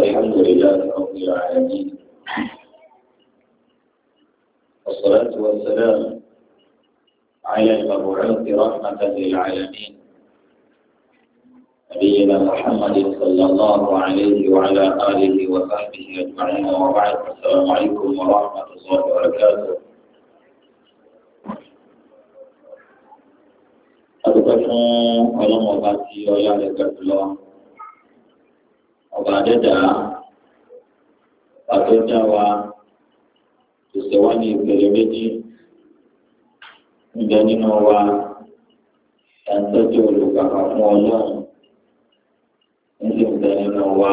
الحمد لله رب العالمين والصلاة والسلام على المبعوث رحمة للعالمين نبينا محمد صلى الله عليه وعلى آله وصحبه أجمعين وبعد السلام عليكم ورحمة الله وبركاته أدوكم ولم أباتي ويا لك الله ọba àdẹ́dà pàtó dá wa tòṣẹ̀ wá ní ìpele méjì níbẹ̀ nínú wa ẹ̀ńtọ́jú olùkàkà fún ọlọ́run níbi ìbẹ̀ nínú wa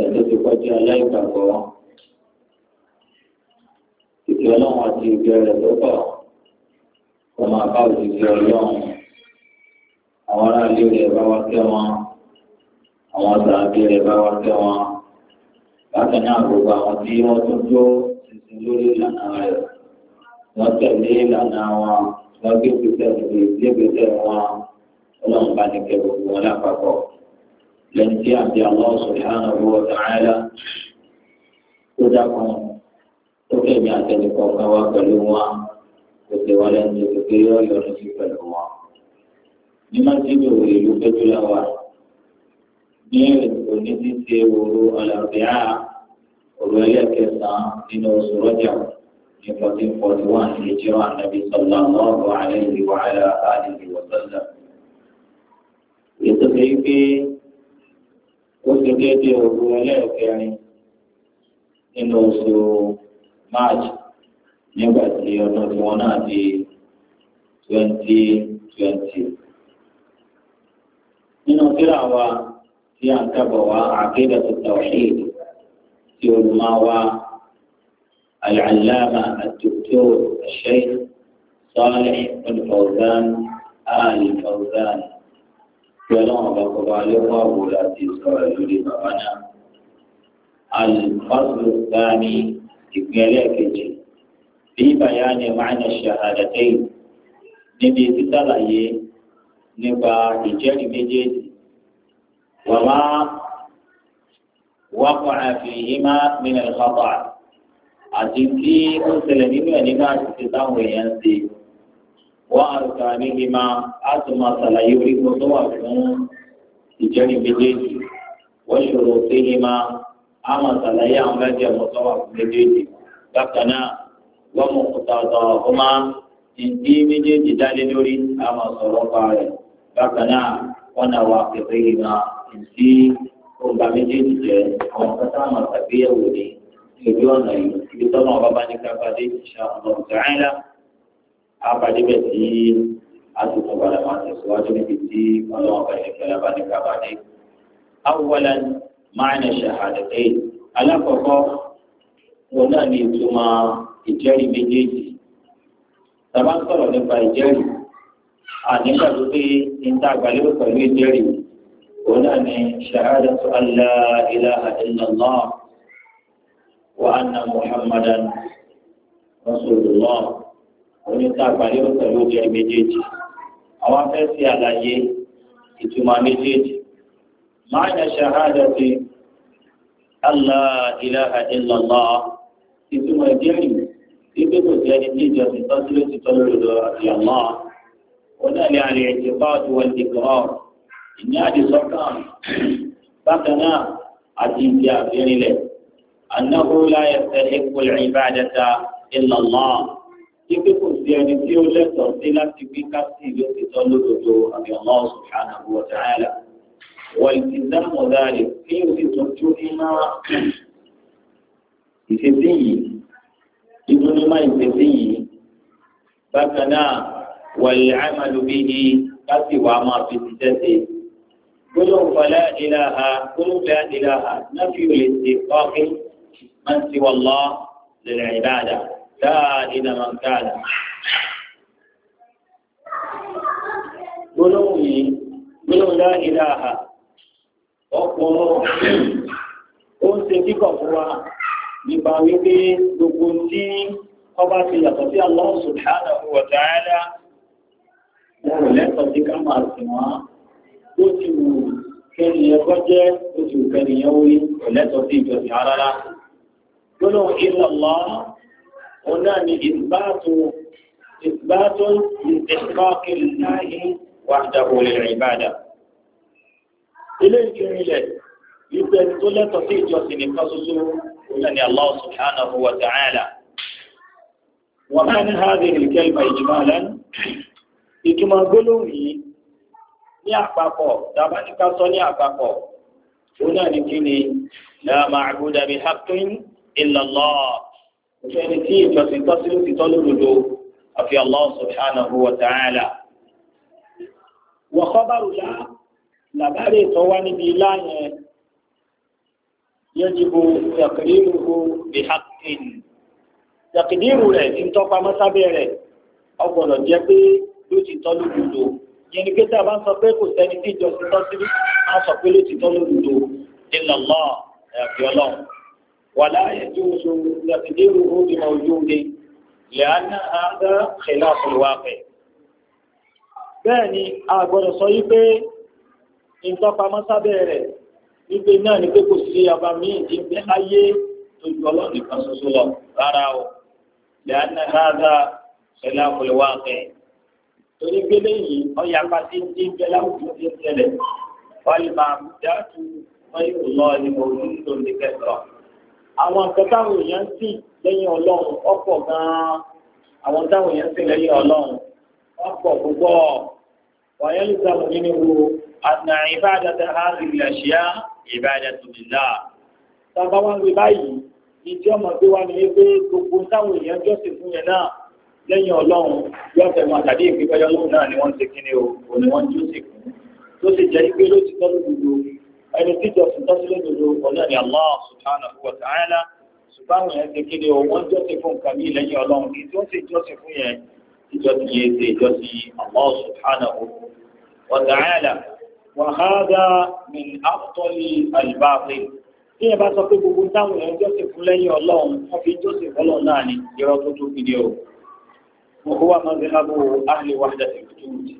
ẹ̀ńtọ́ ti kọjú aláìgbàgbọ́ ìpè ọlọ́run àti ìpè rẹ̀ tó pọ̀ kó máa bá òṣìṣẹ́ ọlọ́run àwọn aráàlú rẹ̀ bá wá kẹ́ wọn àwọn sàbí rẹ̀ bá wá tẹ́ wọn bákan náà gbogbo àwọn tí wọ́n tún tó tuntun lórí ìlànà rẹ̀ wọ́n tẹ̀lé ìlànà wọn wọ́n gbé pípẹ́ gbé pípẹ́ wọn ọlọ́run bá ní kẹ́ gbogbo wọn lápapọ̀ lẹ́ni tí àbí Allah subhanahu wa ta'ala tó dákun tó kẹ̀mí àtẹnukọ̀ kan pẹ̀lú wọn kò sì wá lẹ́nu tó ọ̀yọ́ lọ sí pẹ̀lú wọn. ní má ti bẹ̀rù ìlú pẹ́jú láwàá ní òní ti ṣe òru àlàáfíà òru ẹlẹ́kẹsàn-án nínú oṣù rọ́jà ní fourteen forty one ní ìjọ ànábi sọlá lọ́ọ̀rọ̀ àlẹ́yìn ìwà àlà àdìgbì wọ̀sánlá. ètò ṣe pé ó ṣe déédéé òru ẹlẹ́kẹrin nínú oṣù march nígbà tí ọdún tí wọ́n náà di twenty twenty. nínú kíra wa tí a ń kábọ̀ wá àkídàtu tawhid tí olùmọ̀wá al-allama ad-doktor ash-shaykh Salih al-Fawzan al-Fawzan tí ọlọ́wọ́n bá kọ́ bá lẹ́kọ́ àwòrán àti sọ̀rọ̀ lórí bàbá náà. الفصل الثاني ìpínlẹ̀ kejì bí bayani ma'ana shahadatain níbi títàlàyé nípa ìjẹ́rìí méjèèjì وما وقع فيهما من الخطأ أتيتي أن ونما تتتاه ينسي وأركانهما أتما صلى يوريك سوى فنون تجانب وشروطهما أما صلى يعمل مطوى فنجيجي بكنا ومقتضاهما إنتي مجيجي دالي نوري أما صلى الله عليه بكنا ونواقفهما ìdí ọgbà méjèèjì jẹ àwọn kátà àwọn àgbéyẹ̀wò ní lójú ọ̀nà yìí ibi tọ́nà ọba bá ní kábàdé ìṣàkóso ìdáhìnlá àbàdé bẹ̀ sí àtúntò padà máa tẹ̀síwájú níbi tí ọlọ́run ọba ìṣẹ̀kẹ́lá bá ní kábàdé. awwalan ma'na shahadatayn alákọ̀ọ́kọ́ wọn náà ní ìtumọ̀ ìjẹ́rìí méjèèjì tàbá ń sọ̀rọ̀ nípa ìjẹ́rìí ànígbàgbọ́ pé ní ونعني شهادة أن لا إله إلا الله وأن محمدا رسول الله onítàgbáyé pẹ̀lú oúnjẹ méjèèjì àwọn afẹ́sí àlàyé ìtumọ̀ méjèèjì máa yẹ ṣahádàtì Allah ilaha illallah ìtumọ̀ ìdíyẹ̀rì ibi kò sí ẹni tí ìjọ tìtọ́ sílé tìtọ́ lòdò àti àmọ́ ọ̀nà ni àlè ìtìpá ọ̀tún wọn ti gbọ́ ọ̀rọ̀. ìyáàdì sọ́kàn bákan náà àti ìdí àfihànilẹ̀ annahu la yastahiqqu al-ibadata illa Allah ibi kò sí ẹni tí ó lẹ́tọ̀ọ́ sí láti gbé kásì ló ti tọ́ lódodo àbí Allah subhanahu wa ta'ala wọ́n ti dáhùn dáre kí o sì tún tún ní máa ìfẹ́sí yìí ìdúnú máa ìfẹ́sí yìí bákan náà wal amalu bihi kásì wàá máa fi ti tẹ́sí. قلوا فلا إله قلوا لا إله نفي الاستحقاق من سوى الله للعبادة كائن من كان قلوا قلوا لا إله ọkùnrin ó ń ṣe kíkọ̀ fún wa nípa wípé gbogbo tí ọba ti yàtọ̀ sí Allah subhanahu wa ta'ala wọn ò lẹ́tọ̀ọ́ sí ká máa sìn wọ́n ó ti wù kẹ́nìyàn kọ́ jẹ́ ó ti wù kẹ́nìyàn wí ọ̀lẹ́tọ̀ọ́ sí ìjọsìn rárá. gbólóhùn ìlọ̀lọ́ òun náà ni ìsbáàtù ìsbáàtù ìsìnkọ́kì láàyè wàdàbò lè rìn ìbàdà. ilé ìkìrìnlẹ̀ wípé ẹni tó lẹ́tọ̀ọ́ sí ìjọsìn nìkan ṣoṣo òun náà ni Allah subhanahu wa ta'ala. ومعنى هذه الكلمة إجمالا إجمال قلوه ní àpapọ̀ tàbá ní ká sọ ní àpapọ̀ tó náà ní kí ni la ma'buda bi haqqin illa Allah ẹni tí ìjọsìn tọ́sí ló ti tọ́ lódodo àfi Allah subhanahu wa ta'ala. wa rẹ̀ ní jẹ́ pé ló ti tọ́ lódodo yẹn ni pé tá a bá ń sọ pé kò sẹ́ni tí ìjọ ti tọ́ síbí á sọ pé lótìtọ́ lódodo ìlà lọ ẹ̀fì ọlọ́run wàlá ẹ̀jú oṣù ìgbàsídé ìrúurú ìmọ̀ ojú oge lẹ́ánà àádá xẹlá àfọlùwà pẹ̀. bẹ́ẹ̀ ni a gbọ́dọ̀ sọ yí pé ìtọ́pamọ́ sábẹ́ rẹ̀ wípé náà ni pé kò sí abàmì ìdí pé ayé tójú ọlọ́run nìkan ṣoṣo lọ rárá o lẹ́ánà àádá xẹlá àfọlùwà pẹ̀ torí pé lẹ́yìn ọyà pàṣẹ ti ń bẹ láwùjọ ti ń tẹ̀lẹ̀ wọ́n máa dáàtú wọ́n yóò lọ ìmọ̀ òdúdú tó ní kẹsàn-án. àwọn nǹkan táwọn èèyàn ń sìn lẹ́yìn ọlọ́run ọ̀pọ̀ gan-an àwọn táwọn èèyàn ń sìn lẹ́yìn ọlọ́run ọ̀pọ̀ púpọ̀ wọ́yẹ́ ló sàmù nínú wo àtúnà ìbáàdà tẹ hàzì ìlàṣíà lẹ́yìn ọlọ́run yóò fẹ́ wọn tàbí ìpínpẹ́jọ́ lóhùn náà ni wọ́n ń ṣe kíni o kò ní wọ́n ń jó sèkú tó sì jẹ́ pé ló ti tọ́lú gbogbo ẹni tí jọ sùn tọ́sí lódodo ọ̀nà ni Allah subhanahu wa ta'ala ṣùgbọ́n yẹn ṣe kíni o wọ́n jọ́sìn fún nǹkan mí lẹ́yìn ọlọ́run ní tí wọ́n sì jọ́sìn fún yẹn ìjọsìn yẹn ṣe ìjọsìn Allah subhanahu wa ta'ala wa hada min afdali al-batil tí yẹn bá sọ pé gbogbo táwọn yẹn jọ́sìn fún lẹ́yìn ọlọ́run wọ́n fi jọ́sìn fọlọ́ náà ni ìrọ́ tó tó kíni o wọ́n máa fi hábò áhìlì wàhálà ti fi tún ti.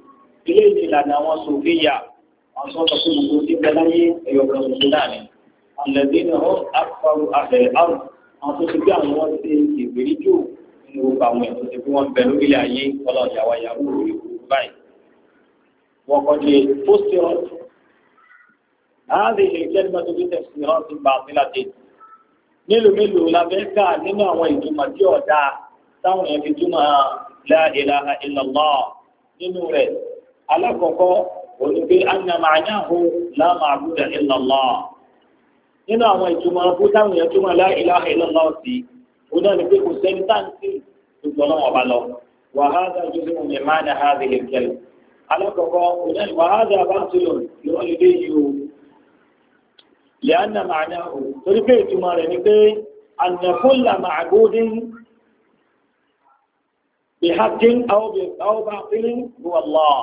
ilé ìdí ìlànà àwọn sòfíyà àwọn tó ń sọ fún gbogbo tí bẹ́ẹ̀ láyé ẹ̀yọ̀ kan tuntun náà ni. àlẹ́dí ni wọ́n afárò àfẹ́ àrùn àwọn tó ti gbé àwọn wọn ṣe ìgbèríjò nínú gbogbo àwọn ẹ̀sùn tí wọ́n bẹ lórílẹ̀ ayé kọ́lá ìyàwó ìyàwó rẹ̀ báyìí. wọ́n kọ́ di pósítírọ̀ láàrin ìṣẹ̀lẹ̀ mẹ́tò bí tẹ̀síọ́ọ̀tì bá a ti láti mélòó mélòó la fẹ́ ká nínú àwọn ìtumọ̀ tí ọ̀dà táwọn yẹn fi túmọ̀ la ilaha illallah nínú rẹ̀ alákọ̀ọ́kọ́ olùgbé anna ma'anahu la ma'buda illallah nínú àwọn ìtumọ̀ fún táwọn èèyàn túmọ̀ la ilaha illallah sí oní ọ̀nà pé kò sẹ́ni táǹtì gbogbo ọlọ́wọ́ ọba lọ wàhálà jùlọ ní mánà hàdì ìkẹlẹ alákọ̀ọ́kọ́ oní ọ̀nà wàhálà bá ń tulò lọ́lẹ́dẹ́ yìí o lẹ́yìn anna torí pé ìtumọ̀ rẹ̀ ni pé anna kulla ìhájí àwọ̀bẹ̀ àwọ̀bà fílín wọ̀lọ́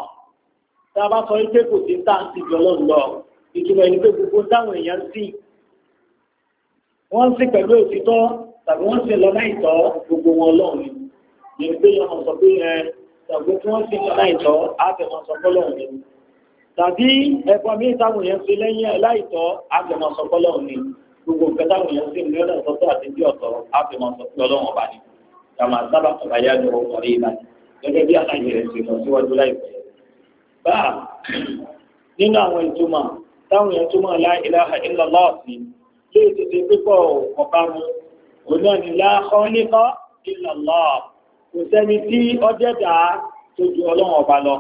tá a bá sọ pé kò sí tá à ń ti jọ lọ́nà lọ ìtumọ̀ ẹni pé gbogbo táwọn èèyàn sí wọ́n ń sí pẹ̀lú òtítọ́ tàbí wọ́n sì lọ láì tọ́ gbogbo wọn lọ́run ni pé yọmọ sọ pé ẹ tàbí tí wọ́n sì lọ láì tọ́ àbẹ̀mọ̀ sọ fọ́lọ́run ni tàbí ẹ̀kọ́ mi táwọn èèyàn sí lẹ́yìn láì tọ́ àbẹ̀mọ̀ sọ fọ́lọ́run ni gbogbo nǹkan táwọn èèyàn sí lọ́nà sọ́tọ̀ àti bí ọ̀tọ̀ àbẹ̀mọ̀ ọba ni kàmá sábà kọ̀ọ̀bá yá lọ ọ̀rẹ́ ìlà gẹ́gẹ́ bí àlàyé rẹ̀ ṣe lọ síwájú láìpẹ́. bá a nínú àwọn ìtumọ̀ táwọn èèyàn túmọ̀ la ilaha illallah sí lè tètè pípọ̀ ọ̀pá mu òun náà ni la khaliqa illallah kò sẹ́ni tí ọjẹ́ dà á tó ju ọlọ́run ọba lọ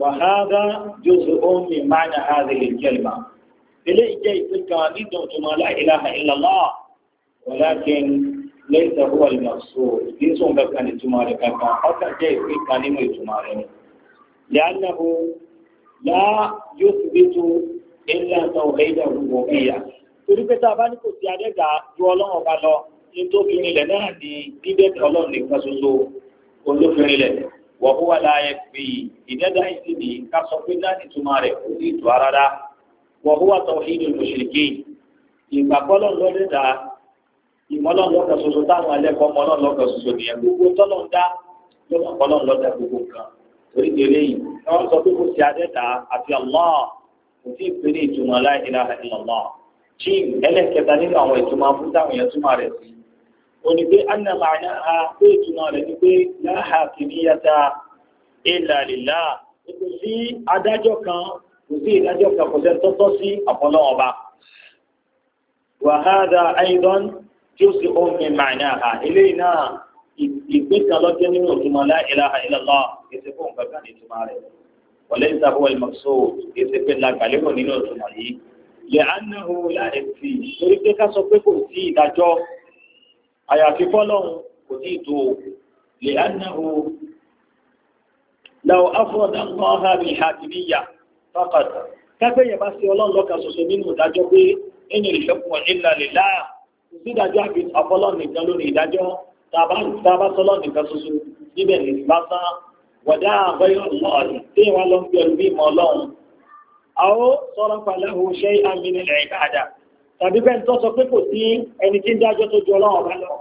wàhálà jùzù omi máàna àdìlẹ̀ jẹ́lìmá eléyìí jẹ́ ìpín kan nídùn tó máa la ilaha illallah walakin lẹ́yìn tó wà lọ́nà so kì í sùn kankan ní túmọ̀ rẹ̀ kankan ọkàn jẹ́ ìpín kan nínú ìtumọ̀ rẹ̀ ni. lẹ́yìnàbó lá yóò fi bí tu ilé àtọ̀ ẹ̀yà òwò ìyà. torí pé tá a bá ní kò sí adẹ́gà ju ọlọ́run ọba lọ ní tó fi rinlẹ̀ náà ní dídẹ́tẹ̀ ọlọ́run nìkan ṣoṣo olófinrin lẹ̀ wọ́pọ̀ wà láàyè fi ìdẹ́dá ìsìnì ká sọ pé náà ní túmọ̀ rẹ̀ kò sí ìtura rárá wọ́pọ̀ wà tọ̀ ìdùnnú ìmọ̀lọ́n lọ́kàn ṣoṣo táwọn ẹlẹ́kọ̀ọ́ mọ́lọ́n lọ́kàn ṣoṣo nìyẹn gbogbo tọ́lọ̀ ń dá lọ́nà mọ́lọ́n lọ́dà gbogbo nǹkan torí délé yìí wọ́n sọ pé kò sí adẹ́ta àti Allah kò sí ìpínlẹ̀ ìtumọ̀ la ilaha illallah chin ẹlẹ́kẹta nínú àwọn ìtumọ̀ fún táwọn yẹn túmọ̀ rẹ̀ sí ó ní pé anna màánà ha pé ìtumọ̀ rẹ̀ ni pé la hakimiyata illa lillah kò sí adájọ́ kan kò sí ìdájọ́ kan kò sẹ́ tọ́tọ́ sí àfọlọ́ọ̀ba wàhálà aidan tí ó sì ó mi màánà ha eléyìí náà ìpín kan lọ́jọ́ nínú ìtumọ̀ la ilaha illallah èsì fún nǹkan kan ìtumọ̀ rẹ̀ wọlé ń sàbọ̀ ìmọ̀só èsì pé làgbàlẹ́kọ̀ nínú ìtumọ̀ yìí lè anahu láì fi torí pé ká sọ pé kò sí ìdájọ́ àyàfi fọ́lọ́hún kò sí ìtò lè anahu làwọn afọ́dà ń kọ́ ha bí hakimiyya faqat kápẹ́yẹ̀ bá sí ọlọ́run lọ́kàn ṣoṣo nínú ìdájọ́ pé ẹni ìṣọ́kùn ọ̀nìlá sídájọ́ àfi ọpọlọ nìkan lórí ìdájọ́ tàbá sọlọ nìkan ṣoṣo níbẹ̀ ní lásán wọ̀dá àbẹ́yọ̀ lọ́ọ̀rì tí wọ́n lọ ń bí ẹrú bí ìmọ̀ ọlọ́run. àwọn sọ̀rọ̀ pàlẹ́ òun ṣe àmì nílẹ̀ ìbáadà tàbí bẹ́ẹ̀ tó sọ pé kò sí ẹni tí ń dájọ́ tó ju ọlọ́run bá lọ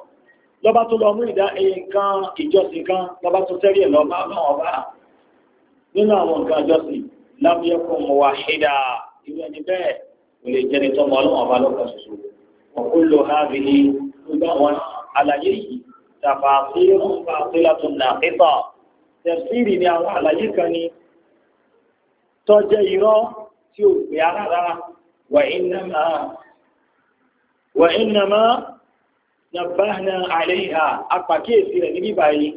lọ́ba tó lọ mú ìdá nǹkan ìjọsìn kan lọ́ba tó tẹ́rí ẹ̀ lọ́ba náà bá nínú àwọn nǹkan ìjọsìn lábúyẹ́kùn mọ̀wá ṣẹ́dá ìrẹ́ni bẹ́ẹ̀ kò lè jẹ́ni tọ́mọ ọlọ́run bá lọ́kàn ọ̀kúlò hábìlì gbogbo àwọn àlàyé yìí tàfàṣírò fàṣírò nàkítà tẹ̀síìrì ni àwọn àlàyé kan ni tọ́jẹ́ irọ́ tí ó pè rárá wà ìnàmà wà ìnàmà nàbáhánà àléhà apàkíyèsí rẹ̀ níbí báyìí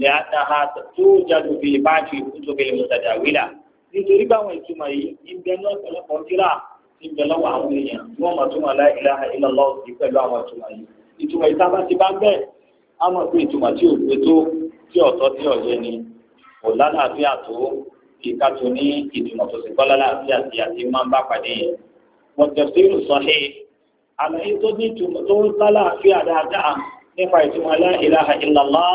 lẹ́yìn àtàhà tó jáde fi bá ti kútó bẹ́ẹ̀ mọ́tàdà wílà nítorí báwọn ìtumọ̀ yìí ń bẹ́ẹ̀ náà pẹ̀lú ọ̀pọ̀ ti bẹ lọ́wọ́ àwọn èèyàn tí wọ́n mọ̀ tó wọn la ilaha illallah sí pẹ̀lú àwọn ìtumọ̀ yìí ìtumọ̀ yìí sábà ti bá bẹ́ẹ̀ á mọ̀ pé ìtumọ̀ tí ò gbé tó tí ọ̀tọ́ tí ọ̀yẹ́ ni kò lálàáfíà tó kí ká tó ní ìtumọ̀ tó sì kọ́ lálàáfíà tí a ti máa ń bá pàdé yẹn. wọ́n tẹ̀ sí ìrùsọ̀hẹ́ àlàyé tó ní ìtumọ̀ tó ń lálàáfíà dáadáa nípa ìtumọ̀ la ilaha illallah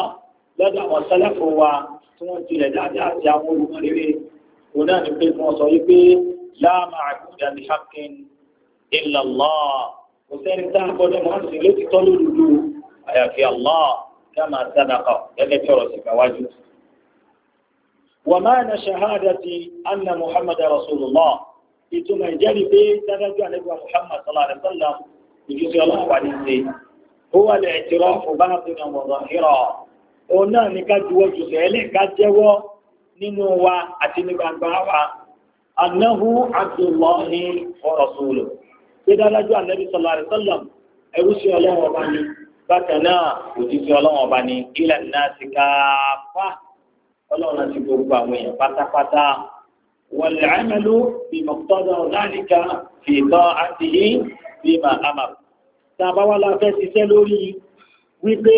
lọ́dọ̀ àwọn sàlàfù wa tí wọ́n tilẹ̀ dáadáa àti àwọn olùmọ̀lẹ́rẹ́ òun náà ni pé wọ́n sọ wípé láàmà àkúdà ní hakin ìlàlá kò sẹ́ni tá a gbọ́dọ̀ máa ń sìn lóti tọ́ lódodo àyàfi àlá kama sadaka gẹ́gẹ́ bí ọ̀rọ̀ sì kàwájú. ومعنى شهادة أن محمد رسول الله ìtumọ̀ ìjẹ́rìí pé sádájú àlẹ́gbà Muhammad sallallahu alaihi wasallam ìjúsí ọlọ́pàá ní ṣe ó wà lè ẹ̀tìrọ ọba àfihàn wọ̀rọ̀ hírọ̀ òun náà ní ká juwọ́ jùsọ̀ ẹlẹ́ẹ̀ká jẹ́wọ́ nínú wa àti ní gbangba wa annahu abdullahi wa rasuluhu ṣe dáadájú anabi sallallahu alaihi wasallam ẹrú sí ọlọ́wọ́ ọba ni bákan náà òjíṣẹ́ ọlọ́wọ́ ọba ni ilẹ̀ náà ti káfá ọlọ́wọ́ náà ti gbogbo àwọn èèyàn pátápátá والعمل بمقتضى ذلك في طاعته بما أمر tàbá wà láfẹ́ ṣiṣẹ́ lórí wípé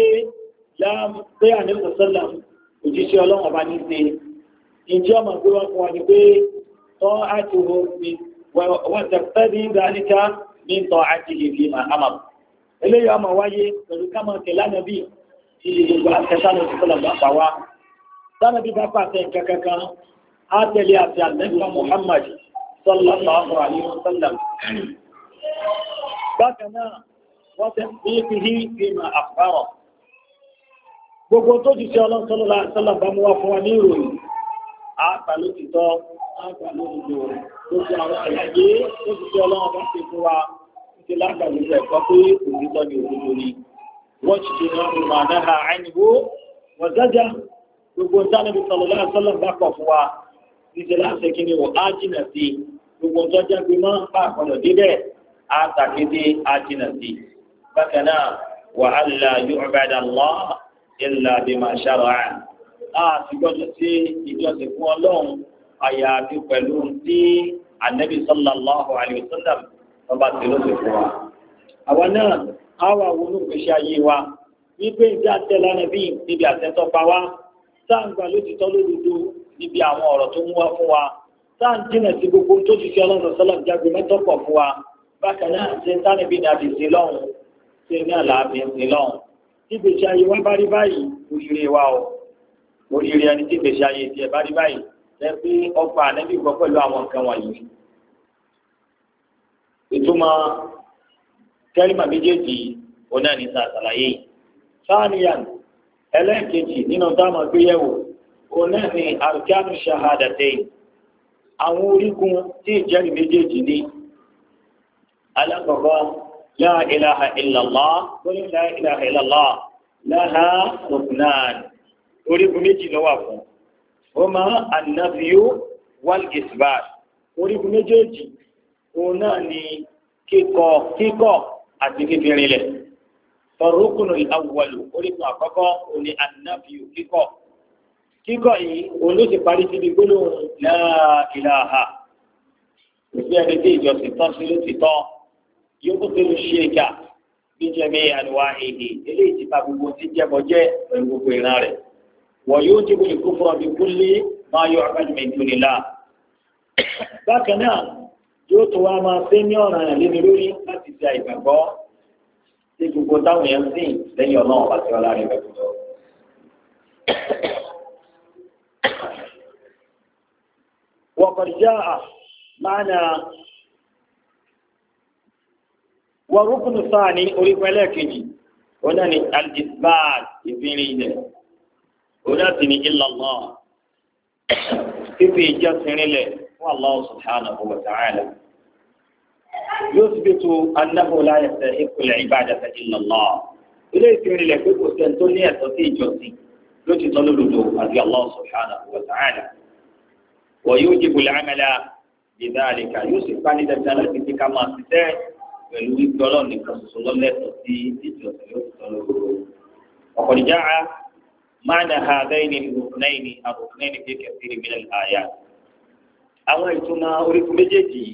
láàrín àníwòsọ́lá òjíṣẹ́ ọlọ́wọ́ ọba ní ṣe ìjọ́ mọ̀ pé wọ́n fún wa ní pé طاعته وتقتدي ذلك من طاعته فيما أمر eléyìí ọmọ wáyé pẹ̀lú ká máa tẹ̀lé ànábì tí gbogbo akẹ́sánà ìsìnkúlọ̀ bá pa wá sánàbí bá pàṣẹ nǹkan kankan á tẹ̀lé àti àtẹ́gbà Muhammad sallallahu alaihi wasallam bákan tó ti ọlọ́sọ́lọ́lá sọ́lọ́ mú wá fún wa ní ìròyìn á pàlú ti tọ́ àgbà lójúdò rẹ̀ tó ṣe àwọn àyàjé tó ti ṣe ọlọ́run bá ṣe fún wa ti lágbà lójú ẹ̀kọ́ pé òtítọ́ ni òdodo ni wọ́n ti ṣe náà ìmọ̀ àdára àìníwó wọ́n dájá gbogbo ìtànàbí sọlọ́lá sọlọ́ bá pọ̀ fún wa níṣẹ́ láti kí ni wọ́n á jìnà sí gbogbo ìtọ́jà sí ìjọsìn fún ọlọ́run àyàfi pẹ̀lú tí ànábì sallallahu alayhi wa sallam ọba tí ló ti fún wa. àwọn náà á wà wọnú ìgbésí ayé wa wípé ìdí àtẹlẹ níbi níbi àtẹtọ́ pa wá sáǹgbà ló ti tọ́ lódodo níbi àwọn ọ̀rọ̀ tó mú wá fún wa sáǹtìnà sí gbogbo tó ti fi ọlọ́run sọ́lá jágbe mẹ́tọ́pọ̀ fún wa bákan náà ṣe lẹ́bí ọkọ̀ ànẹ́bí gbọ́ pẹ̀lú àwọn nǹkan wọ̀nyí. ìtumọ̀ kẹ́límà méjèèjì oní àníta àtàlàyé yìí. sáàníyàn ẹlẹ́ẹ̀kejì nínú táwọn àgbéyẹ̀wò oní àní àrùkíánù ṣahadàtẹ́yìn àwọn orígun tí ìjẹ́rìí méjèèjì ní. alákọ̀ọ́kọ́ la ilaha illallah wọ́n la ilaha illallah láha ruknan orígun méjì ló wà ó máa ànáfíó wal-isbat orígun méjèèjì òun náà ni kíkọ kíkọ àti fífìrinlẹ̀ farukunu awwalu orígun àkọ́kọ́ òun ni ànáfíó kíkọ kíkọ yìí òun ló ti parí síbi gbólóhùn la ilaha ìgbé ẹni tí ìjọsìn tán sí ló ti tán yóò kó tó lè ṣe ìkà bí jẹ́mi àlùwà èdè eléyìí ti pa gbogbo tí jẹ́bọ jẹ́ pẹ̀lú gbogbo ìran rẹ̀. ويوجب الكفر بكل ما يعبد من دون الله bákan náà yóò tó wá máa ṣe ní ọ̀ràn àlẹ́mi lórí láti ṣe àìgbàgbọ́ tí gbogbo táwọn èèyàn sìn lẹ́yìn ọ̀nà ọ̀la tí ọ̀la rẹ̀ bẹ̀rù lọ. وقد جاء معنى والركن الثاني أريد لكن هنا الإثبات في الدين onáàtì ní illallah fífi ìjọsìn rinlẹ̀ fún Allah subhanahu wa ta'ala yóò sì bìtú annahu la yastahiqqu al-ibadata illallah ilé ìfìrìlẹ̀ pé kò sẹ́ni tó ní ẹ̀tọ́ sí ìjọsìn ló ti tọ́lú lòdò àti Allah subhanahu wa ta'ala wa yujibu al-amala bidhalika yóò sì pa ní dandan láti fi ká máa ṣiṣẹ́ pẹ̀lú wípé ọlọ́run nìkan ṣoṣo lọ́lẹ́tọ̀ sí ìjọsìn ló ti tọ́lú lòdò ọ̀pọ̀ معنى هذين الركنين الركنين في كثير من الآيات àwọn ìtumọ̀ orígun méjèèjì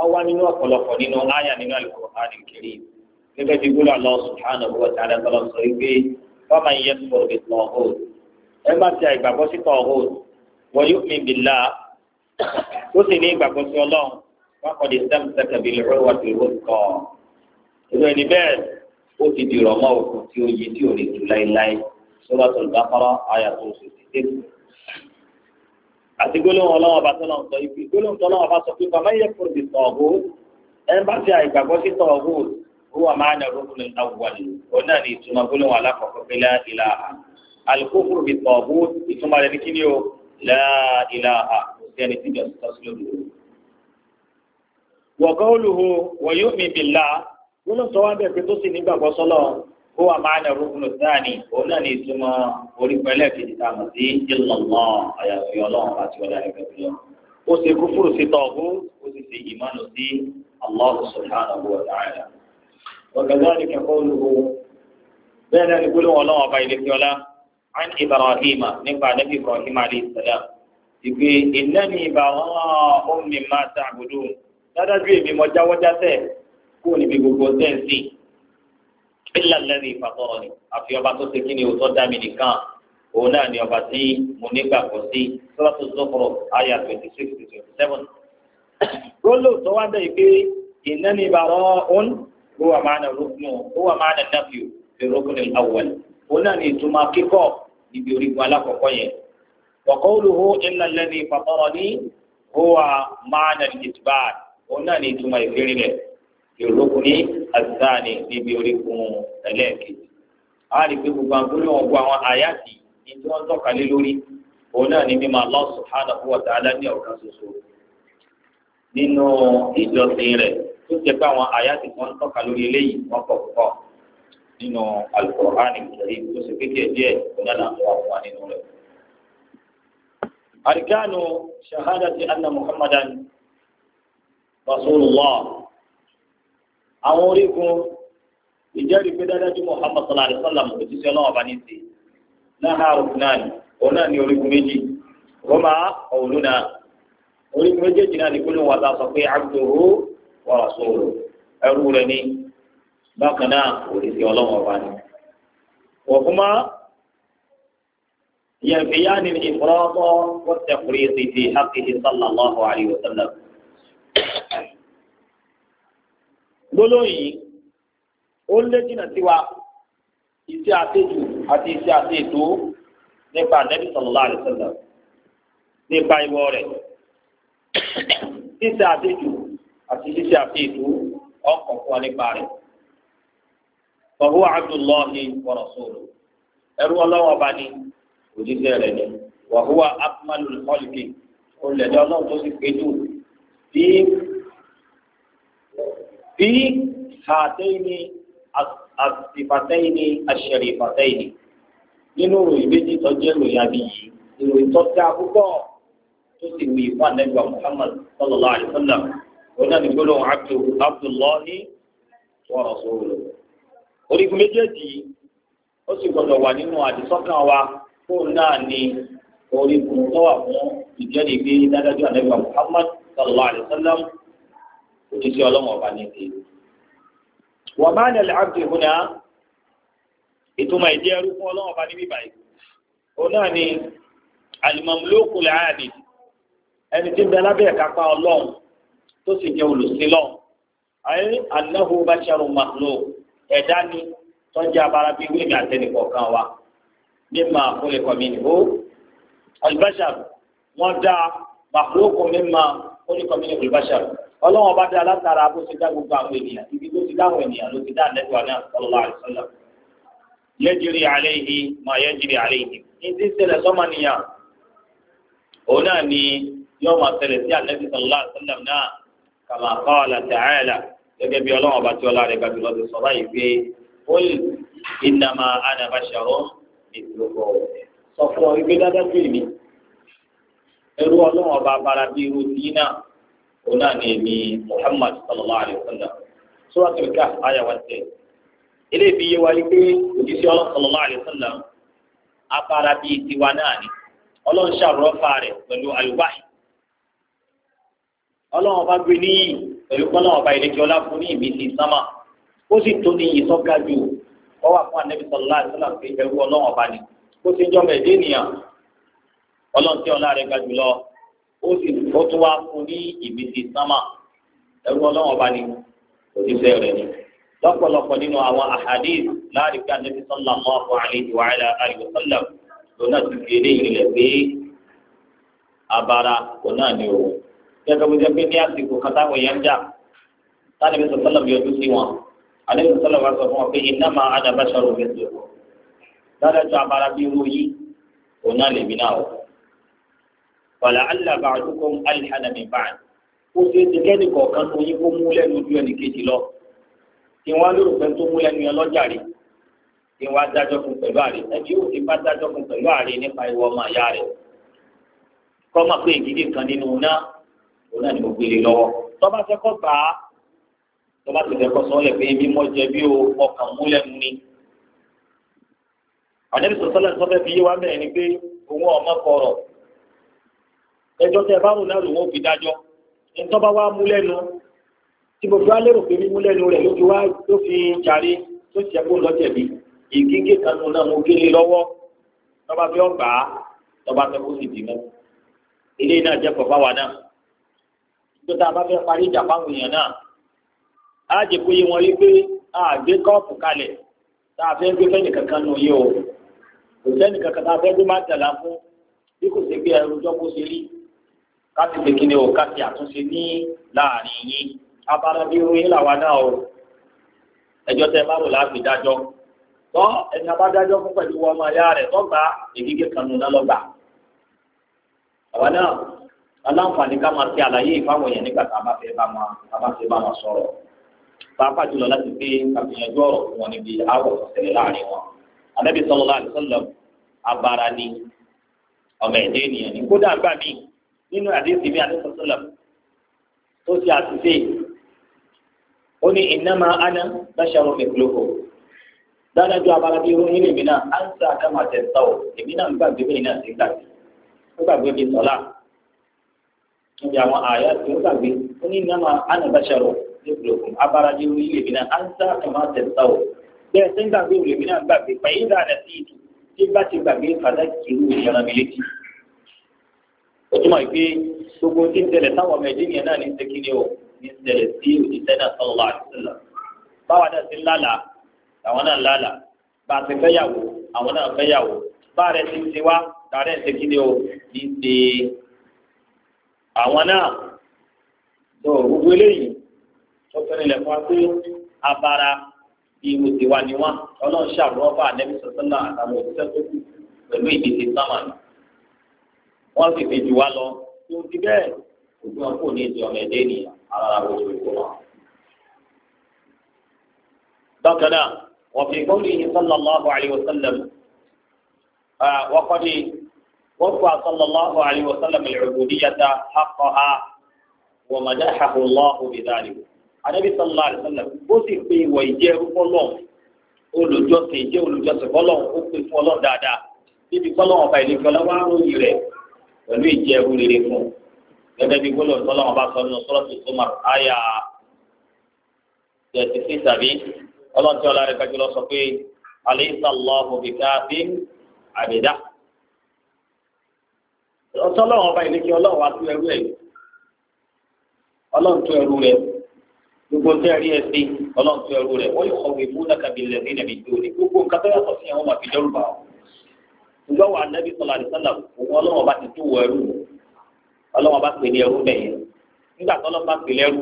ó wà nínú ọ̀pọ̀lọpọ̀ nínú àyà nínú Al-Qur'an Al-Karim gẹ́gẹ́ bí gbọ́dọ̀ Allah subhanahu wa ta'ala tọ́lá sọ wípé fọ́ọ̀mà yẹn tó rẹ̀ tọ̀ ọ́ ẹ má ti àìgbàgbọ́ sí tọ̀ ọ́ wọ́n yóò mi bìlá ó sì ní ìgbàgbọ́ sí ọlọ́run wọ́n kọ́ di sẹ́m sẹ́kẹ̀ bí lọ́wọ́ wà tó ìwé kọ́ ìwé ni bẹ́ẹ̀ ó ti dìrọ̀ mọ́ òkun tí ó yí tí ò lè tú láéláé Suratul Baqara àyà tó ṣe ti dé. àti gbólóhùn ọlọ́wọ́ bá tọ́lọ̀ ń sọ ibi gbólóhùn tọ́lọ̀ ọba sọ pé bàbá yẹ kúrò ti tọ̀ọ̀gù ẹni bá ti àìgbàgbọ́ sí tọ̀ọ̀gù ó wà máa nà rúkú ní àwùwàlì òun náà ní ìtumọ̀ gbólóhùn alákọ̀ọ́kọ́ pé láà ìlàhà alukófúrú ti tọ̀ọ̀gù ìtumọ̀ rẹ̀ ní kí ni o láà ìlàhà sẹ́ni ó wà máa dàrú kúlò sáàni òun náà ní ìtumọ̀ orí pẹlẹ kejì tá a mọ̀ sí ìlọlọ àyàfi Ọlọ́run àti ọlá ẹgbẹ́ tó lọ ó ṣe kúfúrú sí tọọbù ó sì ṣe ìmánu sí Allah subhanahu wa ta'ala وكذلك قوله بين يقول الله وبين الكلام عن إبراهيم نبع نبي إبراهيم عليه السلام يقول إنني براء مما تعبدون dájú èmi mo jáwọ́ jáde kúrò níbi gbogbo tẹ́ǹsì ilà lẹ́nu ìfàtọ́rọ̀ ni àfi ọba tó ṣe kí ni òótọ́ dá mi nìkan òun náà ni ọba tí mo nígbàgbọ́ sí sọ́dọ̀tò sọ́kọ̀rọ̀ àyà twenty six to twenty seven. rólò tó wá bẹ́ẹ̀ pé ìnáni ìbàrọ̀ òun ó wà máa nà rúkúnù ó wà máa nà nàfíù fi rúkúnù àwọn òun náà ni ìtumọ̀ kíkọ́ níbi orígun alákọ̀ọ́kọ́ yẹn. wàkọ́wùlùhù ilà lẹ́nu ìfàtọ́rọ̀ ni ó wà máa nà ìtìbáà ìtumọ̀ ìfẹ́rẹ́ rẹ̀ fi rúkúnù azani níbi orígun ẹlẹ́ẹ̀kejì àwọn àdìgbò gbogbo àgbóyè wọn gbọ́ àwọn àyàtì ní tí wọ́n tọ́ka lé lórí òun náà ní mímọ̀ Allah subhanahu wa ta'ala ní ọ̀kan ṣoṣo nínú ìjọsìn rẹ̀ tó jẹ́ pé àwọn àyàtì kan tọ́ka lórí eléyìí wọ́n pọ̀ púpọ̀ nínú Al-Qur'an al tó ṣe pé díẹ̀ díẹ̀ òun náà làwọn wà wà nínú rẹ̀. àríkánu àwọn orígun ìjẹ́rìí pé dájú Muhammad sallallahu alaihi wasallam òjíṣẹ́ ọlọ́wọ́ bá ní ti náà ruknani òun náà ní orígun méjì rọ́mà ọ̀wọ́lúnà orígun méjèèjì náà ní gbólóhùn wa ta sọ pé abduhu wa rasuluhu ẹrú rẹ̀ ní bákan náà òjíṣẹ́ ọlọ́wọ́ bá ní. wọ̀kúmá yẹn fi yá ni ìfúrọ́tọ̀ wọ́n tẹ̀kùrẹ́ sí ti hàkìhì sallallahu alaihi wasallam. gbólóyìn ó lé jìnnà sí wa iṣẹ́ àtẹ̀jù àti iṣẹ́ àtẹ̀tò nípa Ànábì sallallahu alaihi wasallam nípa ìwọ rẹ̀ iṣẹ́ àtẹ̀jù àti iṣẹ́ àtẹ̀tò ọkọ̀ fún wa nípa rẹ̀ tọ̀hú Abdullahi wa rasuluhu ẹrú ọlọ́wọ́ bá ní òjíṣẹ́ rẹ̀ ni wàhúwà akmalul khalqi olùdẹ́jọ́ ọlọ́run tó sì pé jù bí fi ha asifatayini asharifataini a ìròyìn méjì tó jẹ́ ìròyìn abiyì ìròyìn tó dáa púpọ̀ tó sì wù ìfọ àdẹ́gbà Muhammad sallallahu alayhi wa sallam wọn náà ní abdullahi méjèèjì ó sì wà nínú àdìsọ́kàn wa fóun náà fún ìjẹ́rìí Muhammad sallallahu alayhi wa sallam. ojúṣe ọlọ́wọ́n ọba ní ti. wọ́n máa ń lẹ̀ abdi hùnà ìtumọ̀ ìdí ẹrú fún ọlọ́wọ́n ọba níbí báyìí. òun náà ni alimamulóku làádì ẹni tí ń bẹ lábẹ́ ìkápá ọlọ́run tó sì jẹ́ olùsílọ̀ ayé anahu basharu mahlo ẹ̀dá ni tọ́jú abara bíi wíìmì àtẹnìkọ̀ọ̀kan wa mímọ àkólẹ̀kọ̀ mi nìbó alibasharu wọ́n dá mahlo kò mímọ ó ní kọ́mílẹ̀ olùbáṣà ọlọ́wọ́n bá dá látara bó ti dá gbogbo àwọn ènìyàn ibi tó ti dáhùn ènìyàn ló ti dá àdẹ́gbà náà sallallahu alaihi wasallam yẹ́jìrì àlẹ́ yìí máa yẹ́jìrì àlẹ́ yìí ní ti ṣẹlẹ̀ sọ́mọ́nìyàn òun náà ni yóò máa ṣẹlẹ̀ sí àdẹ́gbà sallallahu alaihi wasallam náà kama qala ta'ala gẹ́gẹ́ bí ọlọ́wọ́n bá ti ọlá ẹrú ọlọ́run ọba abara bíi irú tí náà òun náà ní èmi muhammad sallallahu alayhi wa sallam suratul kahf àyà wa tẹ̀ eléyìí fi yé wa yí pé òjíṣẹ́ ọlọ́run sallallahu alayhi wa sallam abara bíi tiwa náà ni ọlọ́run ṣàrọ̀ fa rẹ̀ pẹ̀lú àlùbáyì ọlọ́run ọba gbé níyì pẹ̀lú kọ́nà ọba ìlẹ́kẹ́ ọlá fún ní ìmísí sámà ó sì tó ní ìyí sọ́gájú ọwọ́ àfún ọlọ́run tí ọlá rẹ̀ ga jùlọ ó sì ó tún wá fún ní ìbísí sámà ẹrú ọlọ́run ọba ni òṣìṣẹ́ rẹ̀ ni lọ́pọ̀lọpọ̀ nínú àwọn ahadith láàrin ká nẹ́bí sọ́lá mọ́ àwọn àlejò àìlà àìlò sọ́lá tó náà ti fi eléyìí rẹ̀ pé abara kò náà ni o gẹ́gẹ́ bó jẹ́ pé ní àsìkò kan táwọn ń jà táwọn ẹ̀mí sọ́lá sí wọn àlejò sọ́lá sọ fún wọn pé iná máa adàbáṣọ́rọ̀ mi sọ̀rọ̀ dáadáa tó abara bí irú yìí kò náà lè mí náà o wàlà allah ba'dukum alhana min ba'd ó ṣe é ti kẹ́ni kọ̀ọ̀kan tó yín kó mú lẹ́nu ju ẹnì kejì lọ kí wọ́n á lérò pé tó mú lẹ́nu yẹn lọ́jà rè kí wọ́n á fún pẹ̀lú àrè ẹbí yóò ti bá dájọ́ fún pẹ̀lú àrè nípa ìwọ ọmọ ìyá rẹ̀ kọ́ máa pé ìdílé kan nínú náà òun náà ni mo gbélé lọ́wọ́ tọ́ba fẹ́ kọ́ gbà á tọ́ba ti fẹ́ kọ́ sọ́ọ́lẹ̀ pé ibi mọ́ jẹ bí o ọkàn mú lẹ́nu ni àdébísọ̀ sọ́lẹ̀ sọ́fẹ́ fi yé wa bẹ̀rẹ̀ ni pé òun ọmọ kọ̀ọ̀rọ̀ ẹjọ́ tẹ bá wù náà lòun ò fi dájọ́ ẹni tó bá wá mú lẹ́nu tí gbogbo wa lérò pé mímú lẹ́nu rẹ̀ ló fi wá ló fi jàre tó ti ẹkún lọ́jẹ̀bi ìgígé kanu náà mo gé lé lọ́wọ́ tọ́ba fi ọgbà á tọ́ba fẹ́ kó sì dì mọ́ ilé náà jẹ́ pọ̀ fáwa náà tó tá a bá fẹ́ parí ìjà fáwọn èèyàn náà á jẹ́ pé wọn rí pé a gbé kọ́ọ̀pù kalẹ̀ tá a fẹ́ gbé fẹ́ nù yìí o kò sẹ́nìkan tá a fẹ́ gbé má tẹ̀lá fún bí kò sí pé ẹrù jọ́ kó ṣe rí káti ṣe ni o káti àtúnṣe ní láàrin yín abala bí irun yín làwa náà o ẹjọ́ tẹ bá wò láti dájọ́ tọ́ ẹni abádájọ́ fún pẹ̀lú ọmọ ìyá rẹ̀ tọ́gbà ègígé kanu náà lọ́gbà àwa náà aláǹfààní ká máa ṣe àlàyé ìfáwọn èèyàn nígbà tá a bá fẹ́ bá wọn tá a bá fẹ́ bá wọn sọ̀rọ̀ pàápàá jùlọ láti gbé àgbìyànjú ọ̀rọ̀ fún wọn níbi àwọ̀ ṣẹlẹ̀ láàrin wọn Ànábì sallallahu alaihi wasallam abara ni ọmọ ẹ̀dẹ́ ènìyàn ní kódà gbà míì nínú àdéhùn mi àdéhùn sọlọ tó ṣe àtúnṣe ó ní ìnáma aná báṣọrọ mẹkulóko dáadájú abala bíi irun yín lèmi náà á ń sá àdámà tẹ̀sán o èmi náà ń gbàgbé bẹ́ẹ̀ náà ti gbà sí ó gbàgbé bíi sọlá níbi àwọn àyà tí ó gbàgbé ó ní ìnáma aná báṣọrọ mẹkulóko abala bíi irun yín lèmi náà á ń sá àdámà tẹ̀sán o bẹ́ẹ̀ sẹ́ńgbàgbé lèmi náà gbàgbé pẹ̀lú ìdáná ó túmọ̀ pé gbogbo tí ń tẹ̀lé táwọn ọmọ ẹ̀dín yẹn náà ní ṣe kíni o ní tẹ̀lé sí òjíṣẹ́ náà sallallahu alaihi wasallam báwa náà ti lálà àwọn náà lálà bá a ti fẹ́yàwó àwọn náà fẹ́yàwó bá a rẹ̀ ti ṣe wá tààrẹ̀ ṣe kíni o ní ṣe àwọn náà tó gbogbo eléyìí tó fẹ́rẹ̀ lẹ̀ fún wa pé abara ìwò tiwa ni wọn ọlọ́run ṣàrùwọ́ bá ànẹ́bí sọ́sọ́lá àtàwọn òṣìṣẹ́ tó kù pẹ̀lú ìdíje sámánì wọ́n sì fi jù wá lọ tó ti bẹ́ẹ̀ òbí wọn kò ní ìjọba ẹ̀dẹ́ ní ara àwọn òṣèlú wọn. bákan náà wọ́n fi gbọ́dọ̀ yìí sallallahu alayhi wa sallam wọ́n kọ́ ni wọ́n kọ́ sallallahu alayhi wa sallam al-ubudiyyata haqqaha wa madahahu Allahu bidhalik. anabi sallallahu alayhi wa sallam ó sì pe ìwọ ìjẹ́ fọlọ́ olùjọ́sìn ìjẹ́ olùjọ́sìn fọlọ́ pẹ̀lú ìjẹ́ ewu rere fún gẹ́gẹ́ bí gbólóhùn tọ́lá wọn bá sọ nínú sọ́lọ́tù sọ́mà àyà tẹ̀sí sí tàbí ọlọ́ọ̀tí ọ̀la rẹ̀ kájú lọ sọ pé alẹ́ ìsàlọ́ òbíkà bí àbẹ̀dá. ọtọ́lọ́wọ́n ọba ìlẹ́kí ọlọ́run wá sí ẹrú ẹ̀ ọlọ́run tó ẹrú rẹ̀ gbogbo tẹ́ rí ẹ sí ọlọ́run tó ẹrú rẹ̀ wọ́n yóò kọ̀wé fún lákàbí lẹ́sìn ìjọ wà nẹ́bí sọlá ní sọlá òun ọlọ́wọ́n bá ti tú wọ ẹrú ọlọ́wọ́n bá pè ní ẹrú bẹ́ẹ̀ nígbà tó lọ́n bá pè lẹ́rú